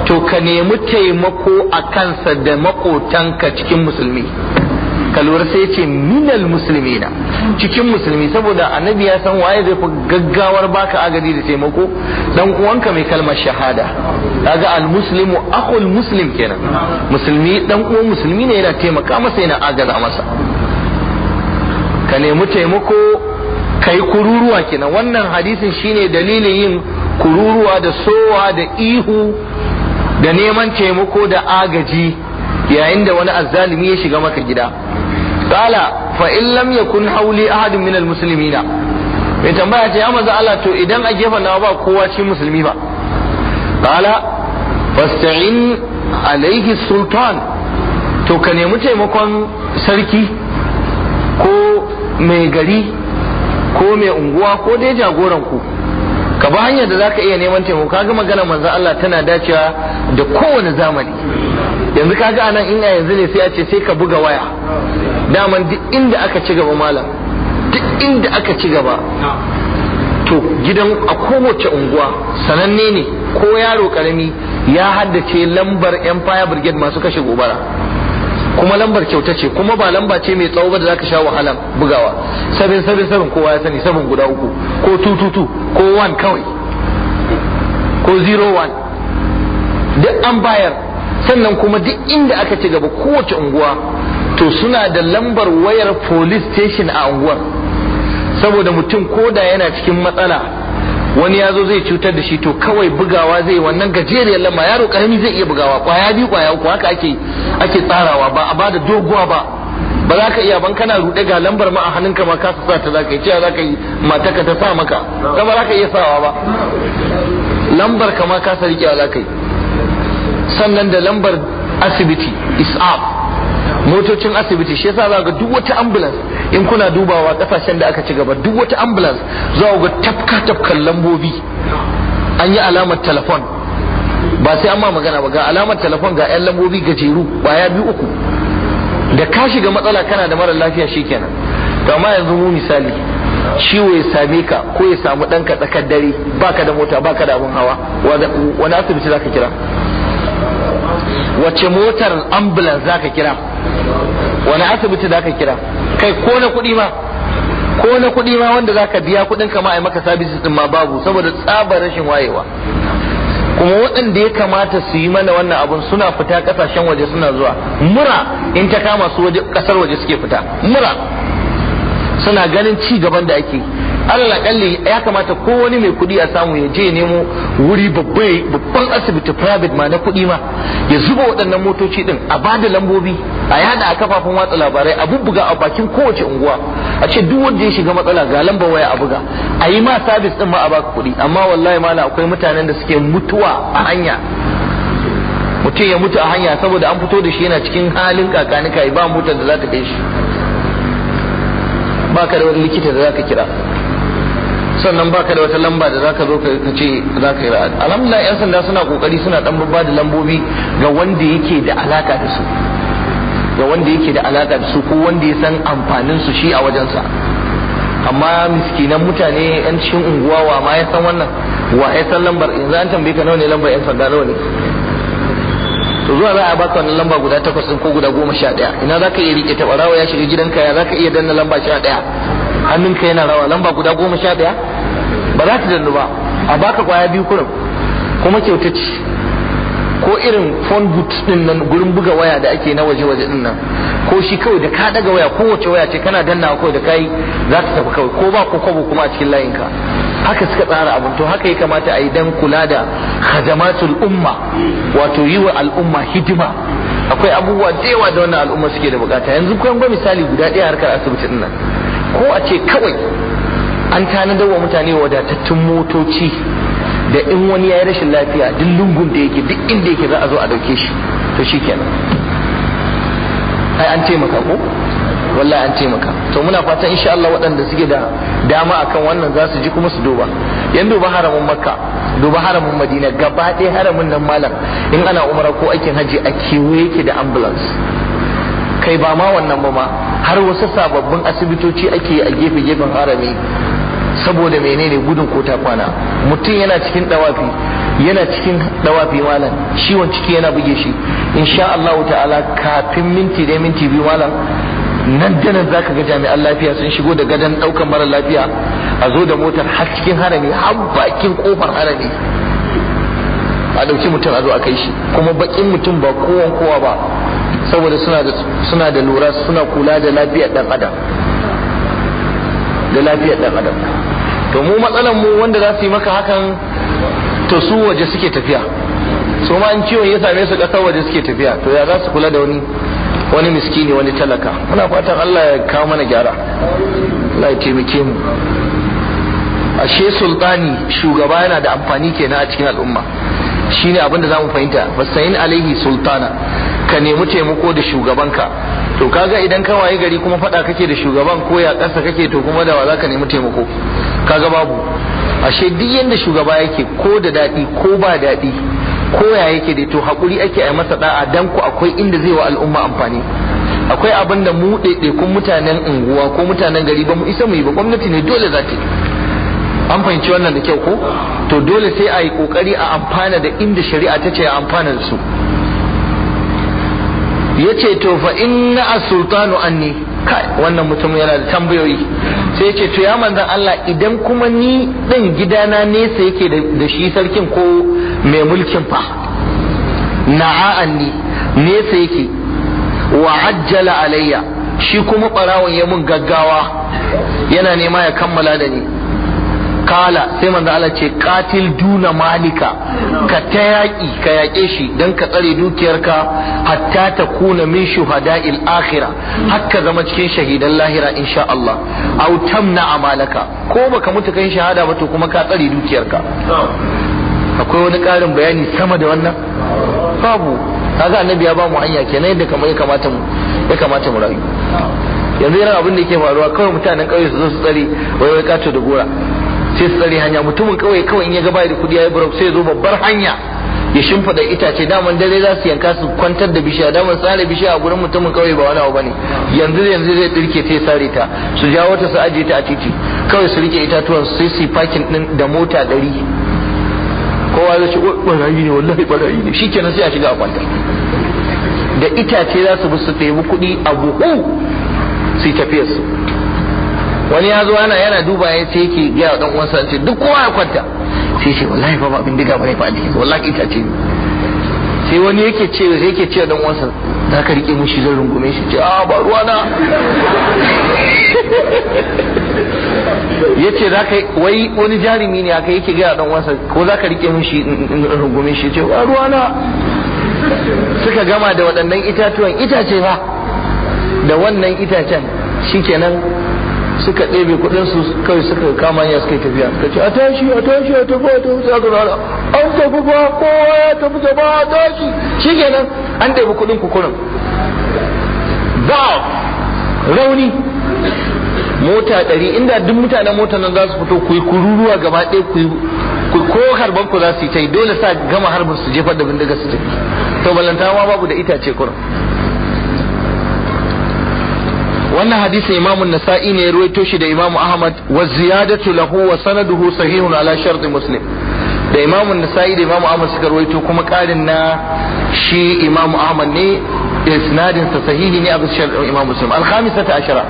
to ka nemi taimako a kansa da makotanka cikin musulmi ka lura sai ce minal na. cikin musulmi saboda annabi ya san waye zai fi gaggawar baka agadi da taimako dan uwanka mai kalmar shahada kaga al muslimu akhul muslim kenan musulmi dan uwan musulmi ne yana taimaka masa yana agaza masa ka nemi taimako kai kururuwa kenan wannan hadisin shine dalilin yin kururuwa da sowa da ihu da neman taimako da agaji yayin da wani azzalimi ya shiga maka gida qala fa in lam yakun hawli ahadun min mai tambaya ce ya maza Allah to idan a gefen nawa ba kowa cikin musulmi ba qala fasta'in alayhi sultan to ka nemi taimakon sarki ko mai gari ko mai unguwa ko dai jagoran ku ka ba hanyar da zaka iya neman taimako kaga magana manzo Allah tana dacewa da kowane zamani yanzu kaga anan in yanzu ne sai a ce sai ka buga waya daman duk inda aka ci gaba malam duk inda aka ci gaba to gidan a kowace unguwa sananne ne ko yaro karami ya haddace lambar empire brigade masu kashe gobara kuma lambar kyauta ce kuma ba lamba ce mai tsawo ba da zaka sha wahala bugawa sabin sabin sabin kowa ya sani sabin guda uku ko tututu ko one kawai ko zero one duk an bayar sannan kuma duk inda aka ci gaba kowace unguwa to suna da lambar wayar police station a unguwar saboda mutum koda yana cikin matsala wani ya zo zai cutar da shi to kawai bugawa zai wannan gajeriyar lamba yaro karami zai iya bugawa kwaya biyu kwaya uku haka ake ake tsarawa ba a bada doguwa ba ba za ka iya ban kana rude ga lambar ma a hannunka ma ka sa ta za ka yi cewa za ka yi ka ta sa maka ba za ka iya sawa ba lambar ka ma ka sa rike za ka yi sannan da lambar asibiti is up. motocin asibiti shi yasa za ga duk wata ambulance in kuna dubawa kasashen da aka ci gaba duk wata ambulance za ga tafka tafkan lambobi an yi alamar telefon ba sai an ma magana ba ga alamar telefon ga yan lambobi gajeru baya biyu uku da ka shiga matsala kana da mara lafiya shikenan to amma yanzu mu misali ciwo ya same ka ko ya samu danka tsakar dare baka da mota baka da abun hawa wani asibiti zaka kira wace motar ambulance za ka kira wani asibiti za ka kira kai ko na kuɗi ma ko na kuɗi ma wanda za ka biya kuɗin kama a maka sabisi ɗin ma babu saboda tsabar rashin wayewa kuma waɗanda ya kamata su yi mana wannan abun suna fita ƙasashen waje suna zuwa mura in ta kama su ƙasar waje suke fita mura suna ganin ci gaban da ake Allah kalli ya kamata ko wani mai kuɗi a samu ya je nemo wuri babban asibiti private ma na kuɗi ma ya zuba waɗannan motoci din a bada lambobi a yada a kafafun watsa labarai a bubbuga a bakin kowace unguwa a ce duk wanda ya shiga matsala ga lamba waya a buga a yi ma sabis din ma a baka kuɗi amma wallahi mala akwai mutanen da suke mutuwa a hanya mutum ya mutu a hanya saboda an fito da shi yana cikin halin kakanika ba motar da za ta kai shi ba ka da wani likita da za ka kira sannan baka da wata lamba da zaka zo ka ce zaka yi ra'ad alhamdulillah yan sanda suna kokari suna dan babba da lambobi ga wanda yake da alaka da su ga wanda yake da alaka da su ko wanda ya san amfanin su shi a wajensa amma miskinan mutane yan cikin unguwa wa ma ya san wannan wa ya san lambar yanzu an tambaye ka nawa ne lambar yan sanda nawa ne to zuwa za a baka wannan lamba guda takwas ko guda goma sha ɗaya ina za ka iya riƙe ta ɓarawa ya shiga gidanka ya za ka iya danna lamba sha ɗaya hannun ka yana rawa lamba guda goma sha daya ba za ta dandu ba a baka kwaya biyu kurum kuma kyauta ce ko irin phone boot din nan gurin buga waya da ake na waje-waje din nan ko shi kawai da ka daga waya wace waya ce kana danna kawai da kai za ta tafi kawai ko ba ko kwabo kuma a cikin layinka haka suka tsara abin to haka ya kamata a yi dan kula da khadamatul umma wato yi wa al'umma hidima akwai abubuwa da yawa da wannan al'umma suke da bukata yanzu kun ga misali guda ɗaya harkar asibiti din nan ko a ce kawai an tanadar wa mutane wadatattun motoci da in wani ya yi rashin lafiya duk lungun da yake duk inda yake za a zo a dauke shi to shi kenan ai an taimaka ko wallahi an taimaka to muna fatan insha Allah waɗanda suke da dama akan wannan za su ji kuma su duba yan duba haramin makka duba haramin madina gaba ɗaya haramin nan malam in ana umara ko aikin haji a kewaye yake da ambulance kai ba ma wannan ba ma har wasu sababbin asibitoci ake a gefe-gefen harami saboda menene gudun ko ta kwana mutum yana cikin dawafi yana cikin dawafi malam ciwon ciki yana buge shi insha Allah ta'ala kafin minti da minti biyu malam nan da nan zaka ga jami'an lafiya sun shigo da gadan daukan mara lafiya a zo da motar har cikin harami har bakin kofar harami a dauki mutum a zo a kai shi kuma bakin mutum ba kowan kowa ba saboda suna da lura suna kula da lafiyar dan adam da lafiyar dan adam to mu matsalan mu wanda za su yi maka hakan to su waje suke tafiya so ma in ciwon ya same su kasar waje suke tafiya to ya za su kula da wani wani miskini wani talaka muna fatan Allah ya kawo mana gyara Allah ya taimake mu ashe sultani shugaba yana da amfani kenan a cikin al'umma shine abin da zamu fahimta basayin alaihi sultana ka nemi taimako da shugaban ka to kaga idan ka waye gari kuma fada kake da shugaban ko ya kasa kake to kuma da wa za ka nemi taimako kaga babu ashe duk yanda shugaba yake ko da daɗi ko ba daɗi ko ya yake dai to haƙuri ake a masa da'a dan ku akwai inda zai wa al'umma amfani akwai abin da mu ɗaiɗaikun mutanen unguwa ko mutanen gari ba mu isa mu yi ba gwamnati ne dole za ta yi an fahimci wannan da kyau ko to dole sai a yi ƙoƙari a amfana da inda shari'a ta ce a amfana da su ya ce to fa inna a sultanu ne kai wannan mutum yana da tambayoyi sai ya ce to ya manzan Allah idan kuma ni ɗin gidana nesa yake da shi sarkin ko mai mulkin fa na'a ne nesa yake wa ajjala alayya shi kuma barawon ya mun gaggawa yana nema ya kammala da ni kala sai manzo Allah ce qatil duna malika ka ta yaƙi ka yaƙe shi dan ka tsare dukiyarka hatta ta kuna min shuhada'il akhirah hakka zama cikin shahidan lahira insha Allah aw tamna amalaka ko baka mutu kai shahada ba to kuma ka tsare dukiyarka akwai wani ƙarin bayani sama da wannan babu kaga annabi ya ba mu hanya kenan yadda kamar ya kamata mu ya kamata mu rayu yanzu yana abin da yake faruwa kawai mutanen ƙauye su zo su tsare wai wai kato da gora sai su tsare hanya mutumin kawai kawai in ya gaba da kudi yi burau sai zo babbar hanya ya shimfada itace daman dare za su yanka su kwantar da bishiya daman sare bishiya a gurin mutumin kawai ba wani abu bane yanzu yanzu zai dirke sai sare ta su jawo ta su ajiye ta a titi kawai su rike itatuwan sai su fakin din da mota dari kowa zai ce barayi ne wallahi barayi ne shikenan sai a shiga a kwanta da itace za su bi su ɗebi kuɗi a buhu su yi tafiyarsu wani ya zo ana yana duba ya ce yake gaya dan uwansa ce duk kowa ya kwanta sai ce wallahi fa ba bindiga bane ba a jikin wallahi ita ce sai wani yake ce yake ce dan uwansa za ka rike mushi zan rungume shi ce a ah, ba ruwa na ya ce za ka wai wani jarumi ne aka yake gaya dan uwansa ko za ka rike mushi in rungume shi ce ba ruwa na suka gama da waɗannan itatuwan itace ba da wannan itacen shikenan suka ɗebe kuɗinsu kawai suka kama ya suka yi tafiya ka ce a tashi a tashi a tafi a tafi a tafi an tafi ba kowa ya tafi jama'a a tashi shi kenan an ɗebe kuɗin ku kurin ba rauni mota ɗari inda duk mutanen mota nan za su fito ku yi kururuwa gaba ɗaya ku yi ko harban ku za su yi ta yi dole sa gama harbin su jefar da bindiga su tafi to ma babu da itace kurin wannan hadisin imamu nasa'i ne ya ruwaito shi da imamu ahmad wa ziyadatu lahu wa sanaduhu sahihun ala sharti muslim da imamu nasa'i da imamu ahmad suka ruwaito kuma karin na shi imamu ahmad ne isnadin sa sahihi ne a bisa shar'in imam muslim al-khamisata ashara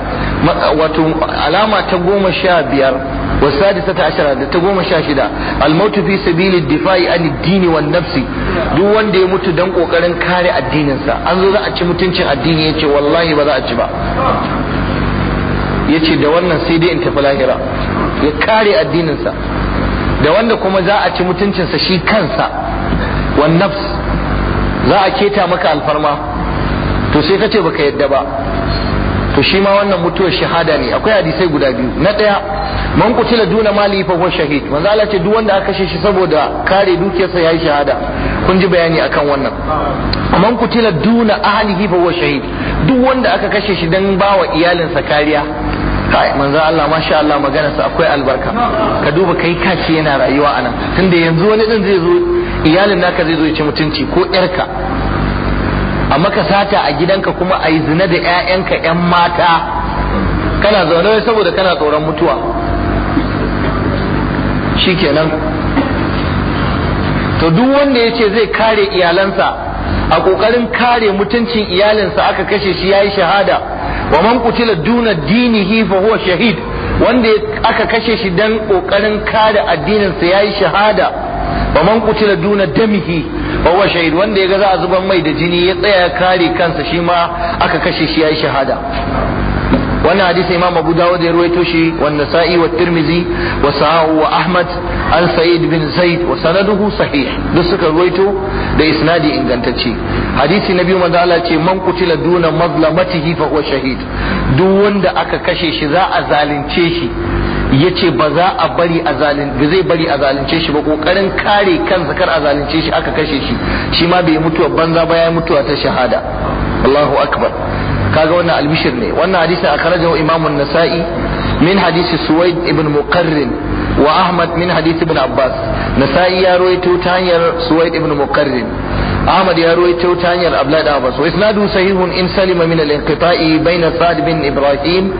wato alama ta goma sha biyar wa sadisata ashara da ta goma sha shida al-maut fi difa'i an ad-din nafsi duk wanda ya mutu dan kokarin kare addinin an zo za a ci mutuncin addini yace ba za a ci ba yace da wannan sai dai in tafi lahira ya kare addinin da wanda kuma za a ci mutuncinsa shi kansa za a keta maka alfarma to sai ka ce baka yadda ba to shi ma wannan mutuwar shahada ne akwai hadisai guda biyu na ɗaya man kutila duna mali fa huwa shahid manzo Allah ce duk wanda aka kashe shi saboda kare dukiyarsa yayi shahada kun ji bayani akan wannan man kutila duna ahlihi fa huwa shahid duk wanda aka kashe shi dan bawa iyalinsa kariya kai manzo Allah masha Allah magana sa akwai albarka ka duba kai kace yana rayuwa anan tunda yanzu wani din zai zo iyalin naka zai zo ya ci mutunci ko yarka a maka sata a gidanka kuma a yi zina da 'ya'yanka 'yan mata kana zaune saboda kana tsoron mutuwa shikenan to duk wanda ya ce zai kare iyalansa a ƙoƙarin kare mutuncin iyalinsa aka kashe shi ya yi shahada wa man kutila duna dinihi fa huwa shahid wanda aka kashe shi dan ƙoƙarin kare addininsa ya yi shahada wa man kutila duna damihi wa shahid wanda ya ga za a zuban mai da jini ya tsaya ya kare kansa shi ma aka kashe shi ya yi shahada wannan hadisi imam abu dawud ya ruwaito shi wa nasa'i wa tirmizi wa sa'u wa ahmad an sa'id bin zaid wa sanaduhu sahih duk suka ruwaito da isnadi ingantacce hadisi na biyu manzo Allah ce man kutila duna mazlamatihi fa huwa shahid duk wanda aka kashe shi za a zalunce shi ya ce ba za a bari a zai bari a zalunce shi ba kokarin kare kansa kar a zalunce shi aka kashe shi shi ma bai mutuwa banza ba ya mutuwa ta shahada Allahu akbar kaga wannan albishir ne wannan hadisin akhrajahu Imam an-Nasa'i min hadisi Suwaid ibn Muqarrin wa Ahmad min hadisi ibn Abbas Nasa'i ya rawaito ta hanyar Suwaid ibn Muqarrin Ahmad ya rawaito ta hanyar Abdullah ibn Abbas wa isnadu sahihun in salima min al bai na Sa'd bin Ibrahim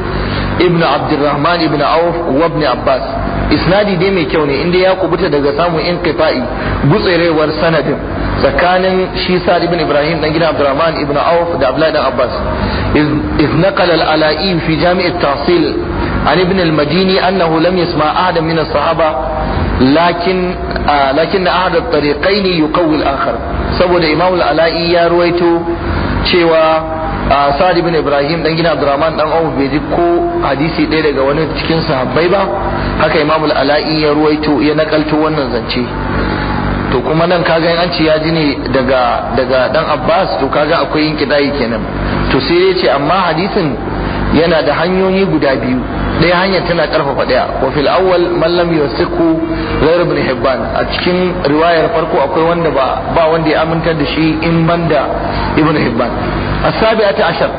ibn abdulrahman ibn auf wa abbas isnadi dai mai kyau ne inda ya kubuta daga samun in kifai gutserewar sanadin tsakanin shi ibrahim dan gidan abdulrahman ibn auf da abdullahi dan abbas iz naqala al-ala'i fi jami' at an ibn madini annahu lam yasma ahadan min as-sahaba lakin lakin da ahad at-tariqaini yuqawwi al-akhar saboda imam al-ala'i ya ruwaito cewa A sa'ad ibn ibrahim dan gina abdurrahman dan auf bai ji ko hadisi ɗaya daga wani cikin sahabbai ba haka imam al-ala'i ya ruwaito ya nakalto wannan zance to kuma nan kaga an ce ya ji ne daga daga dan abbas to kaga akwai yin kidayi kenan to sai ya ce amma hadisin yana da hanyoyi guda biyu ɗaya hanyar tana karfafa ɗaya wa fil awwal man lam yusiku ghayr ibn hibban a cikin riwayar farko akwai wanda ba ba wanda ya aminta da shi in banda ibn hibban a السابعة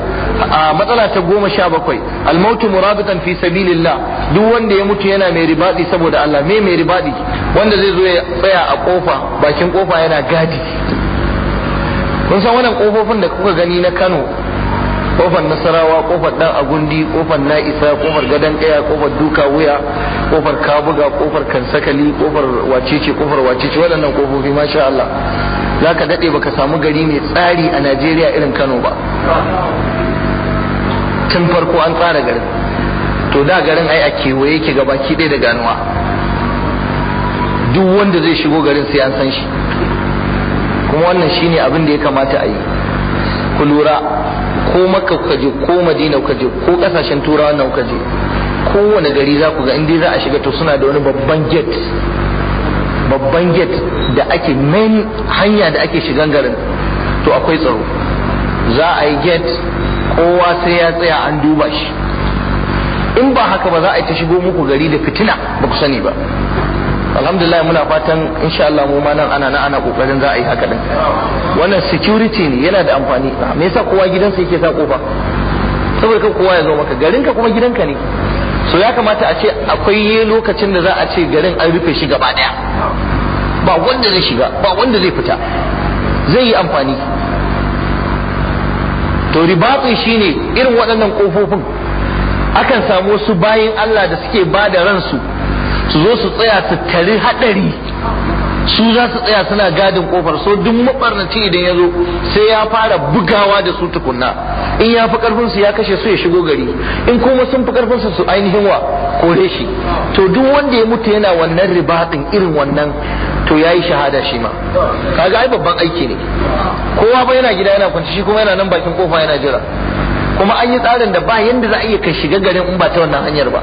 a matsala ta goma sha bakwai almautu murabitan fi sabilillah duk wanda ya mutu yana mai ribadi saboda Allah me mai ribadi wanda zai zo ya tsaya a kofa bakin kofa yana gadi kun san wannan kofofin da kuka gani na Kano kofar Nasarawa kofar Dan Agundi kofar Na'isa kofar gadon Kaya kofar Duka Wuya kofar Kabuga kofar Kansakali kofar Wacece kofar Wacece waɗannan kofofi masha Allah za ka daɗe baka samu gari mai tsari a najeriya irin kano ba tun farko an tsara garin to da garin ai a kewaye ke gabaki ɗaya da ganuwa duk wanda zai shigo garin sai an san shi kuma wannan shine abin da ya kamata a yi ku lura ko makka kuka je ko madina kuka je ko kasashen turawa na kuka je kowane gari za ku ga inda za a shiga to suna da wani babban gate babban gate da ake main hanya da ake shigan garin to akwai tsaro za a yi gate kowa sai ya tsaya an duba shi in ba haka ba za a yi ta shigo muku gari da fitina ba ku sani ba alhamdulillah muna fatan insha Allah mu ma nan ana na ana kokarin za a yi haka din wannan security ne yana da amfani me yasa kowa gidansa yake sa kofa saboda kan kowa ya zo maka garinka kuma gidanka ne so ya kamata a ce akwai lokacin da za a ce garin an rufe shi gaba daya ba wanda zai shiga ba wanda zai fita zai yi amfani to ribatsi shine irin waɗannan ƙofofin akan samu wasu bayin Allah da suke ba da ransu su zo su tsaya su tari haɗari su za su tsaya suna gadin ƙofar so duk mabarnaci idan ya zo sai ya fara bugawa da su tukunna in ya fi karfin ya kashe su ya shigo gari in kuma sun fi karfin su su ainihin wa kore shi to duk wanda ya mutu yana wannan riba ribatin irin wannan to ya yi shahada shi ma kaga ai babban aiki ne kowa ba yana gida yana kwanci shi kuma yana nan bakin kofa yana jira kuma an yi tsarin da ba yanda za a iya ka shiga garin in ba ta wannan hanyar ba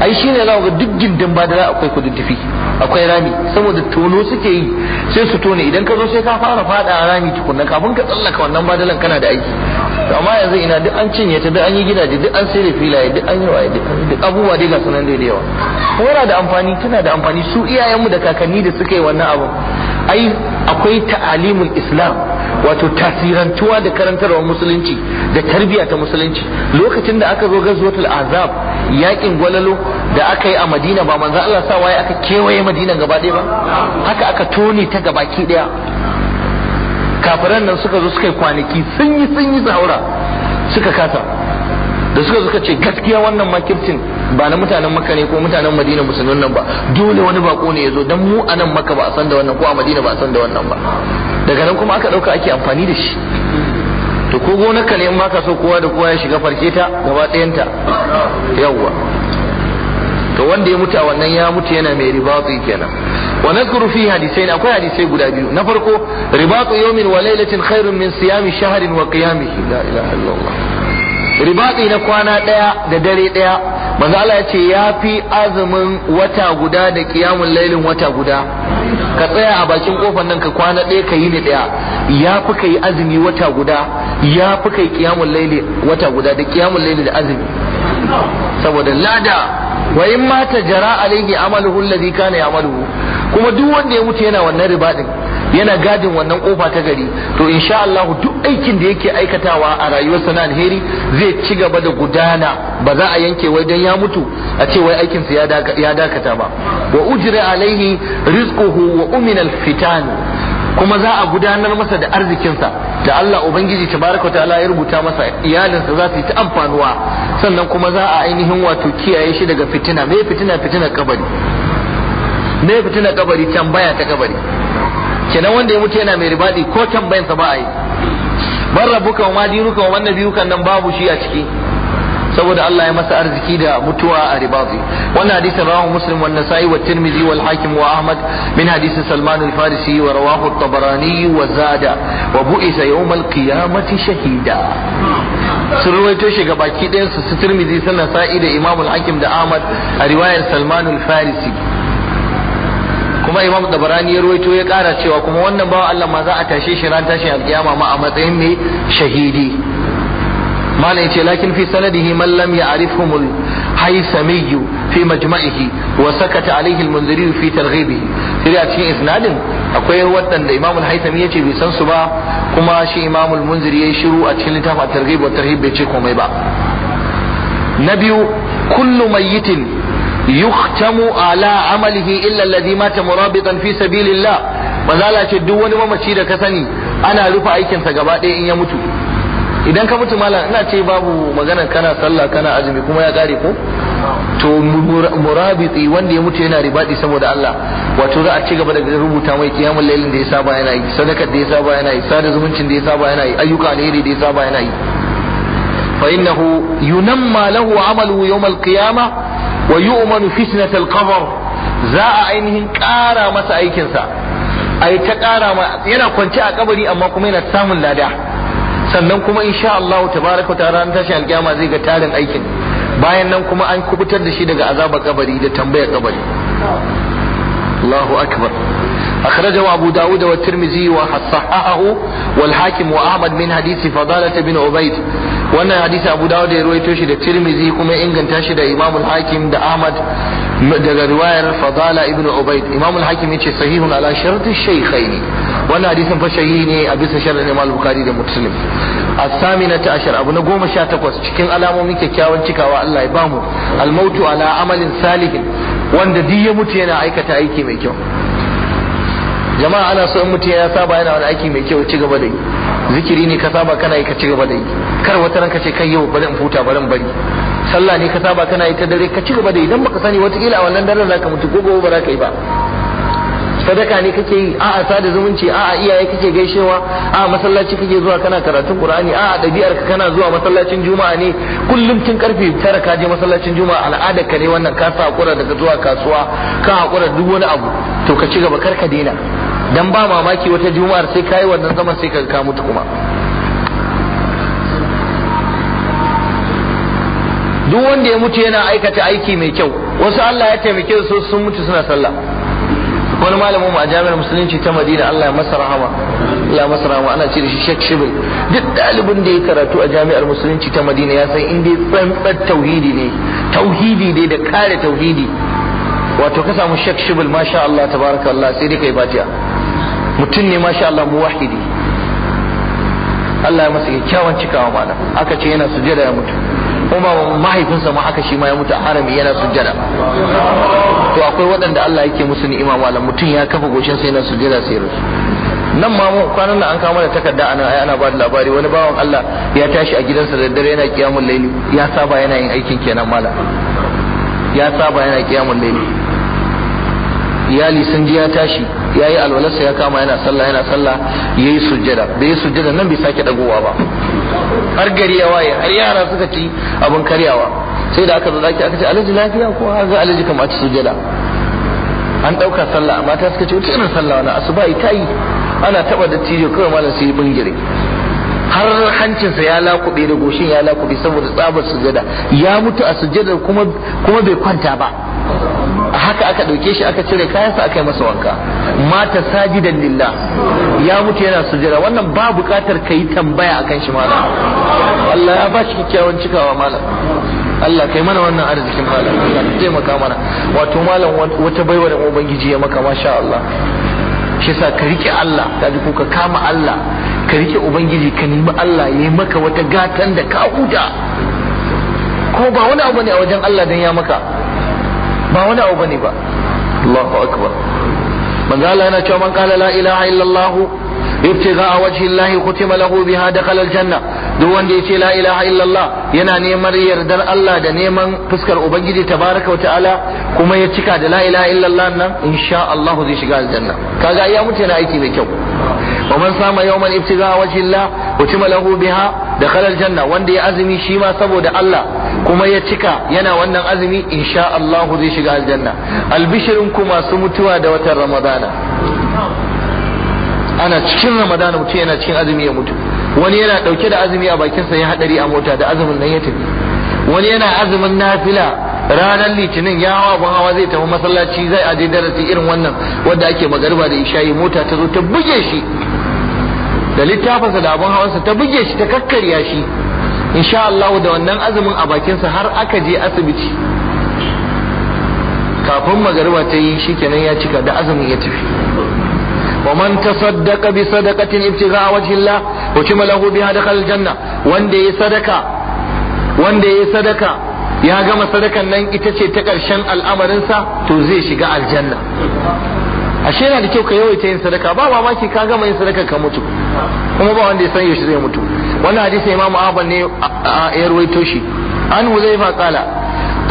ai shi zama ga duk gindin badara akwai tafi akwai rami saboda tono suke yi sai su tone idan ka zo sai ka fara fada rami tukunna kafin ka tsallaka wannan badalan kana da aiki amma yanzu ina duk an cinye ta duk an yi gidaje duk an sai da filaye duk an yi waye duk abubuwa dai ga sunan da yawa yana da amfani tana da amfani su iyayenmu da kakanni da suka yi wannan abu ai akwai ta'alimul islam wato tasirantuwa da karantarwar musulunci da tarbiyya ta musulunci lokacin da aka zo gazwatul azab yakin gwalalo da aka yi a madina ba manzo Allah sa waye aka kewaye madina gaba ɗaya ba haka aka tone ta gaba ki ɗaya kafiran nan suka zo suka yi kwanaki sun yi sun yi zaura suka kasa da suka suka ce gaskiya wannan makircin ba na mutanen makka ne ko mutanen madina musulmin nan ba dole wani bako ne ya zo don mu a nan makka ba a san da wannan ko a madina ba a san da wannan ba daga nan kuma aka ɗauka ake amfani da shi to ko gonarka ne in ma ka so kowa da kowa ya shiga farke ta gaba ɗayanta yawwa to wanda ya mutu a wannan ya mutu yana mai ribatu kenan wa nazkuru fi hadisain akwai hadisai guda biyu na farko ribatu yawmin wa lailatin khairun min siyami shahrin wa qiyamihi la ilaha illallah ribaɗi na kwana ɗaya da dare ɗaya manzo Allah ya ce ya fi azumin wata guda da kiyamun lailin wata guda ka tsaya a bakin kofar nan ka kwana ɗaya ka yi ni ɗaya ya fi ka yi azumi wata guda ya fi ka yi kiyamun laili wata guda da kiyamun laili da azumi saboda lada wa in ma ta jara alaihi amaluhu allazi kana ya'maluhu kuma duk wanda ya mutu yana wannan ribaɗin yana gadin wannan kofa ta gari to insha Allah duk aikin da yake aikatawa a rayuwarsa na alheri zai ci gaba da gudana ba za a yanke wai dan ya mutu a ce wai aikin sa ya dakata ba wa ujri alaihi rizquhu wa umina fitan kuma za a gudanar masa da arzikinsa da Allah Ubangiji tabaraka ta'ala ya rubuta masa iyalinsa za su yi ta amfanuwa sannan kuma za a ainihin wato kiyaye shi daga fitina me fitina fitina kabari me fitina kabari tambaya ta kabari kenan wanda ya mutu yana mai ribadi ko tambayansa ba a yi man rabbuka wa madinuka wa man nabiyuka nan babu shi a ciki saboda Allah ya masa arziki da mutuwa a ribadi wannan hadisin rawahu muslim wa nasa'i wa tirmidhi wal hakim wa ahmad min hadisin salman al farisi wa rawahu at-tabarani wa zada wa bu'isa yawm al qiyamati shahida sun ruwaito shi ga baki ɗayan su tirmidhi sun nasa'i da imam al hakim da ahmad a riwayar salman al farisi kuma imam dabarani ya ruwaito ya kara cewa kuma wannan bawa Allah ma za a tashe shi ran tashin alkiyama ma a matsayin mai shahidi malam yace lakin fi sanadihi man lam ya'rifhum al-haysami fi majma'ihi wa sakata alayhi al-munziri fi targhibihi sai a cikin isnadin akwai waɗanda imam al-haysami yace bai san su ba kuma shi imam al-munziri yayi shiru a cikin littafin at-targhib wa tarhib bai ce komai ba na biyu kullu mayyitin yuhtamu ala amalihi illa alladhi mata murabitan fi sabilillah manzala ce duk wani mamaci da ka sani ana rufe aikinsa gaba ɗaya in ya mutu idan ka mutu malam ina ce babu magana kana sallah kana azumi kuma ya kare ko to murabiti wanda ya mutu yana ribadi saboda Allah wato za a ci gaba da rubuta mai kiyamul lailin da ya saba yana yi sadakar da ya saba yana yi sada zumuncin da ya saba yana yi ayyuka alheri da ya saba yana yi fa innahu yunamma lahu amalu yawm al-qiyamah wa yu'manu fitnatul qabr za a ainihin ƙara masa aikinsa ai ta ƙara yana kwance a kabari amma kuma yana samun lada sannan kuma insha Allah tabaraka ta'ala ran tashi alkiyama zai ga tarin aikin bayan nan kuma an kubutar da shi daga azabar kabari da tambayar kabari Allahu akbar أخرجه أبو داود والترمذي وصححه والحاكم وأحمد min hadisi فضالة bin obaid. wannan hadisi abu dawud ya ruwaito shi da tirmizi kuma inganta shi da imam al-hakim da ahmad daga riwayar fadala ibn ubaid imam al-hakim yace sahihun ala shartu shaykhaini wannan hadisin fa sahihi ne a bisa sharhin imam al-bukhari da muslim as-saminata ashar abu na goma sha takwas cikin alamomin kyakkyawan cikawa Allah ya bamu al-mautu ala amalin salihin wanda duk ya mutu yana aikata aiki mai kyau jama'a ana so in mutu ya saba yana wani aiki mai kyau ci gaba da yi zikiri ne ka saba kana yi ka ci gaba da yi kar wata ce kai yau bari in futa bari in bari sallah ne ka saba kana yi ta dare ka ci gaba da yi dan baka sani wata kila a wannan daren zaka mutu ko ba za ka yi ba sadaka ne kake yi a'a sada zumunci a iyaye kake gaishewa a masallaci kake zuwa kana karatun qur'ani a dabi'ar ka kana zuwa masallacin juma'a ne kullum tun karfe tara ka je masallacin juma'a al'ada ka ne wannan ka sa hakura daga zuwa kasuwa ka hakura duk wani abu to ka ci gaba kar ka daina dan ba mamaki wata juma'ar sai kai wannan zaman sai ka ka mutu kuma duk wanda ya mutu yana aikata aiki mai kyau wasu Allah ya taimake su sun mutu suna sallah wani malamin mu a jami'ar musulunci ta Madina Allah ya masa rahama Allah ya masa rahama ana ce da shi Sheikh Shibil duk dalibin da ya karatu a jami'ar musulunci ta Madina ya san inda tsantsar tauhidi ne tauhidi ne da kare tauhidi wato ka samu Sheikh Shibil masha Allah tabaraka Allah sai dai kai batiya mutum ne masha Allah wahidi Allah ya masa kyakkyawan cikawa malam aka ce yana sujada ya mutu kuma mahaifinsa ma aka shi ma ya mutu a harami yana sujada to akwai waɗanda Allah yake musu ni'ima malam mutum ya kafa goshin sai yana sujada sai rusu nan ma mu kwanan nan an kawo da takarda ana ai ana ba da labari wani bawan Allah ya tashi a gidansa da dare yana kiyamul laili ya saba yana yin aikin kenan malam ya saba yana kiyamul laili iyali sun ji ya tashi ya yi alwalarsa ya kama yana sallah yana sallah ya yi sujjada da ya sujjada nan bai sake dagowa ba har gari ya waye har yara suka ci abin karyawa sai da aka zo aka ce alaji lafiya ko har ga alaji kamar ci sujjada an ɗauka sallah amma ta suka ce wata irin sallah wani asuba ta yi ana taɓa da tijo kawai malam sai bingire har hancinsa ya lakube da goshin ya lakube saboda tsabar sujjada ya mutu a sujjada kuma bai kwanta ba haka aka ɗauke shi aka cire kayansa aka yi masa wanka mata sajidan lillah ya mutu yana sujira wannan ba buƙatar ka yi tambaya akan shi malam Allah ya ba shi kyakkyawan cikawa malam Allah kai mana wannan arzikin malam Allah ka mana wato malam wata baiwar ubangiji ya maka masha Allah shi sa ka rike Allah ka ko ka kama Allah ka rike ubangiji ka nemi Allah ya yi maka wata gatan da ka huta ko ba wani abu ne a wajen Allah dan ya maka ba wani abu bane ba Allahu akbar manzo Allah yana cewa man qala la ilaha illallah ibtigha'a wajhi Allah kutima lahu biha dakhala aljanna duk wanda yace la ilaha illallah yana neman yardar Allah da neman fuskar ubangiji tabaraka wa ta'ala kuma ya cika da la ilaha illallah nan insha Allah zai shiga aljanna kaga iya mutu yana aiki mai kyau wa man sama yawman ibtigha'a wajhi Allah kutima lahu biha da kalar janna wanda ya azumi shi ma saboda Allah kuma ya cika yana wannan azumi insha Allah zai shiga aljanna albishirin ku masu mutuwa da watan ramadana ana cikin ramadana mutum yana cikin azumi ya mutu wani yana dauke da azumi a sa ya hadari a mota da azumin nan ya tafi wani yana azumin nafila ranar litinin ya hawa ban hawa zai tafi masallaci zai aje darasi irin wannan wanda ake magariba da isha'i mota ta zo ta buge shi da littafinsa da abun hawansa ta buge shi ta kakkarya shi insha Allah da wannan azumin a bakinsa har aka je asibiti kafin magariba ta yi shikenan ya cika da azumin ya tafi wa man tasaddaqa bi sadaqatin ibtigha wajhi Allah wa lahu biha dakhala janna wanda yayi sadaka wanda yayi sadaka ya gama sadakan nan ita ce ta karshen al'amarinsa to zai shiga aljanna ashe yana da kyau ka yawaita yin sadaka ba mamaki ka gama yin sadaka ka mutu kuma ba wanda ya san yaushe zai mutu wannan hadisi imam ahmad ne ya ruwaito shi an huzaifa qala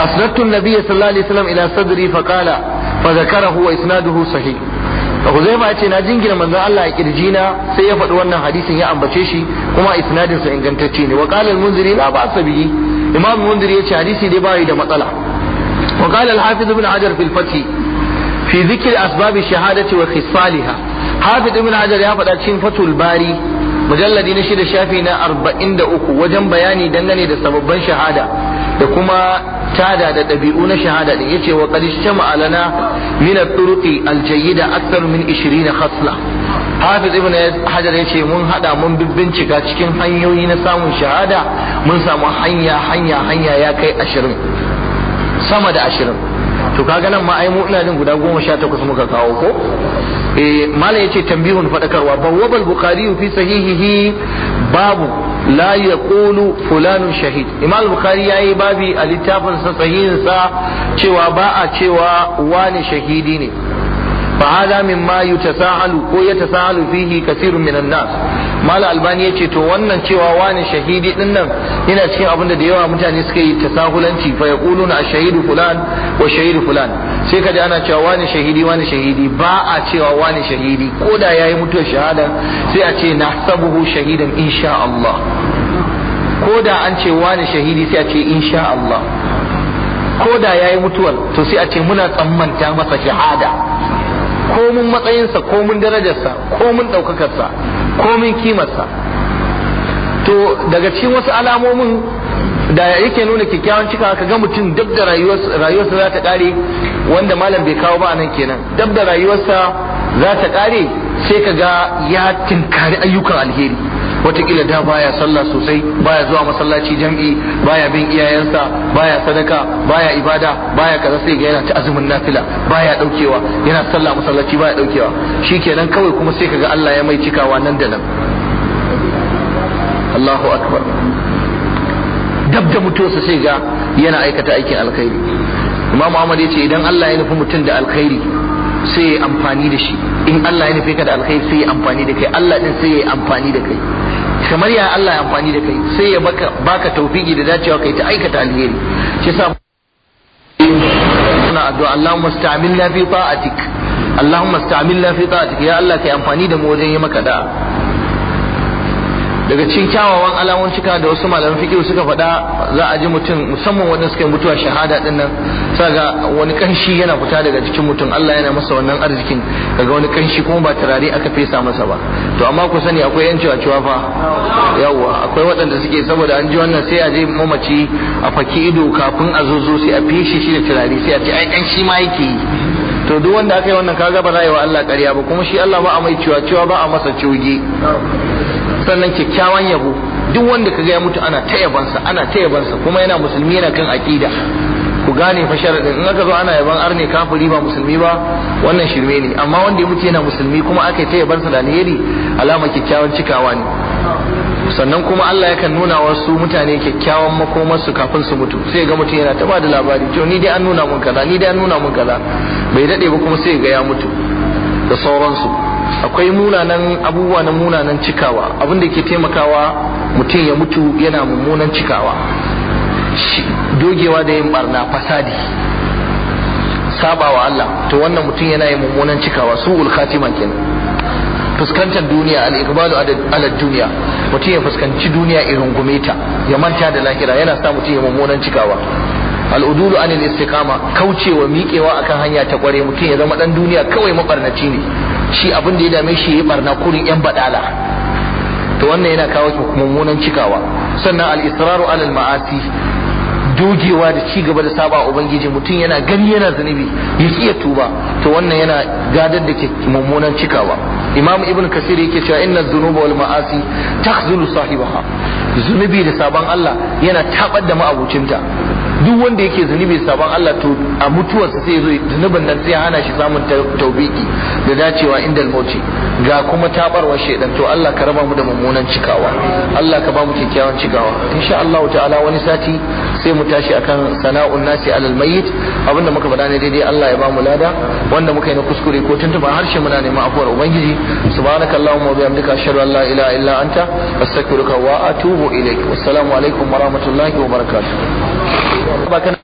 asnadtu an-nabiy sallallahu alaihi wasallam ila sadri fa qala fa zakarahu wa isnaduhu sahih Huzaifa ya ce na jingina manzon Allah ya kirji na sai ya faɗi wannan hadisin ya ambace shi kuma isnadin sa ingantacce ne wa qala al-munziri la ba sabihi imam munziri ya ce hadisi dai bai da matsala wa qala al-hafiz ibn hajar fil fath fi asbab shahadati wa khisaliha Hafiz ibn Hajar ya faɗa cikin fatul Bari mujalladi na shida shafi na arba'in da uku wajen bayani dangane da sababbin shahada da kuma tada da ɗabi'u na shahada din yace wa qad ishtama lana min at-turuqi al-jayyida akthar min 20 khasla Hafiz ibn Hajar yace mun hada mun bincika cikin hanyoyi na samun shahada mun samu hanya hanya hanya ya kai 20 sama da 20 to kaga nan ma ai mu ina jin guda 18 muka kawo ko eh ya yace tambihun fadakarwa bal bukhari fi sahihihi babu la yaqulu fulanun shahid imam bukhari yayi babi a littafinsa sa sahihin sa cewa ba a cewa wani shahidi ne فهذا مما يتساءل ko ya يتساءل فيه كثير من nas mal albani yace to wannan cewa wani shahidi din nan yana cikin abin da da yawa mutane suka yi tasahulanci fa yaquluna ash-shahidu fulan wa shahidu fulan sai kaji ana cewa wani shahidi wani shahidi ba a cewa wani shahidi ko da yayi mutuwar shahada sai a ce nahsabuhu shahidan insha Allah ko da an ce wani shahidi sai a ce insha Allah ko da yayi mutuwar to sai a ce muna tsammanta masa shahada komin matsayinsa komun darajarsa komun ɗaukakarsa komun kimarsa to daga cikin wasu alamomin da yake nuna kyakkyawan cika ka ga mutum dab da rayuwarsa za ta ƙare wanda malam bai kawo ba nan kenan dab da rayuwarsa za ta kare sai ka ga ya tinkari ayyukan alheri watakila da baya sallah sosai baya zuwa masallaci jam'i baya bin iyayensa baya sadaka baya ibada baya kaza sai ga yana ta azumin nafila baya daukewa yana sallah masallaci baya daukewa shikenan kawai kuma sai kaga Allah ya mai cikawa nan da nan Allahu akbar dab da mutuwarsa sai ga yana aikata aikin alkhairi Imam Ahmad ya ce idan Allah ya nufi mutum da alkhairi sai ya amfani da shi in Allah ya nufi ka da alkhairi sai ya amfani da kai Allah din sai ya amfani da kai kamar ya Allah ya amfani da kai sai ya baka baka tawfiki da dacewa kai ta aikata alheri shi yasa ina addu'a Allahumma sta'milna fi ta'atik Allahumma sta'milna fi ta'atik ya Allah kai amfani da mu wajen yi maka da'a daga cikin kyawawan alamun cika da wasu malaman fikihu suka faɗa za a ji mutum musamman wanda suka yi mutuwa shahada din nan ga wani kanshi yana fita daga cikin mutum Allah yana masa wannan arzikin kaga wani kanshi kuma ba turare aka fesa masa ba to amma ku sani akwai yan cewa fa yawa akwai waɗanda suke saboda an ji wannan sai a je mamaci a faki ido kafin a zozo sai a feshe shi da turare sai a ce ai kanshi ma yake yi to duk wanda aka yi wannan kaga ba za yi wa Allah ƙarya ba kuma shi Allah ba a mai cewa cewa ba a masa coge sannan kyakkyawan yabo duk wanda kaga ya mutu ana ta yabansa ana ta yabansa kuma yana musulmi yana kan aqida ku gane fa sharadin in aka zo ana yaban arne kafiri ba musulmi ba wannan shirme ne amma wanda ya mutu yana musulmi kuma aka ta yabansa da alheri alama kyakkyawan cikawa ne sannan kuma Allah yakan nuna wasu mutane kyakkyawan makomarsu kafin su mutu sai ga mutum yana taba da labari to ni dai an nuna mun kaza ni dai an nuna mun kaza bai dade ba kuma sai ga ya mutu da sauransu akwai munanan abubuwa na munanan cikawa abin da ke taimakawa mutum ya mutu yana mummunan cikawa dogewa da yin barna fasadi sabawa Allah to wannan mutum yana yin mummunan cikawa su khatima makin. fuskantar duniya al'ikbalu duniya mutum ya fuskanci duniya irin gumeta ya manta da lahira yana sa mutum ya mummunan cikawa al'udulu anil istiqama kaucewa miƙewa akan hanya ta kware mutum ya zama ɗan duniya kawai mabarnaci ne shi abin da ya dame shi ya barna kurin yan badala to wannan yana kawo mummunan cikawa sannan al-israru alal ma'asi dogewa da ci gaba da saba ubangiji mutum yana gani yana zunubi ya kiya tuba to wannan yana gadar da ke mummunan cikawa imam ibn kasir yake cewa inna dhunuba wal ma'asi takhzulu sahibaha zunubi da saban Allah yana tabar da ma'abucinta duk wanda yake zunubi sabon Allah to a mutuwarsa sai zo zunubin nan sai hana shi samun taubiki da dacewa inda almauci ga kuma tabarwa shaidan to Allah ka raba mu da mummunan cikawa Allah ka ba mu kyakkyawan cikawa insha Allah ta'ala wani sati sai mu tashi akan sana'un nasi alal mayyit abinda muka faɗa ne daidai Allah ya ba mu lada wanda muka yi na kuskure ko tuntuba harshe muna neman afuwar ubangiji subhanakallahumma wa bihamdika ashhadu an la ilaha illa anta astaghfiruka wa atubu ilaik wassalamu alaikum wa rahmatullahi wa bahkan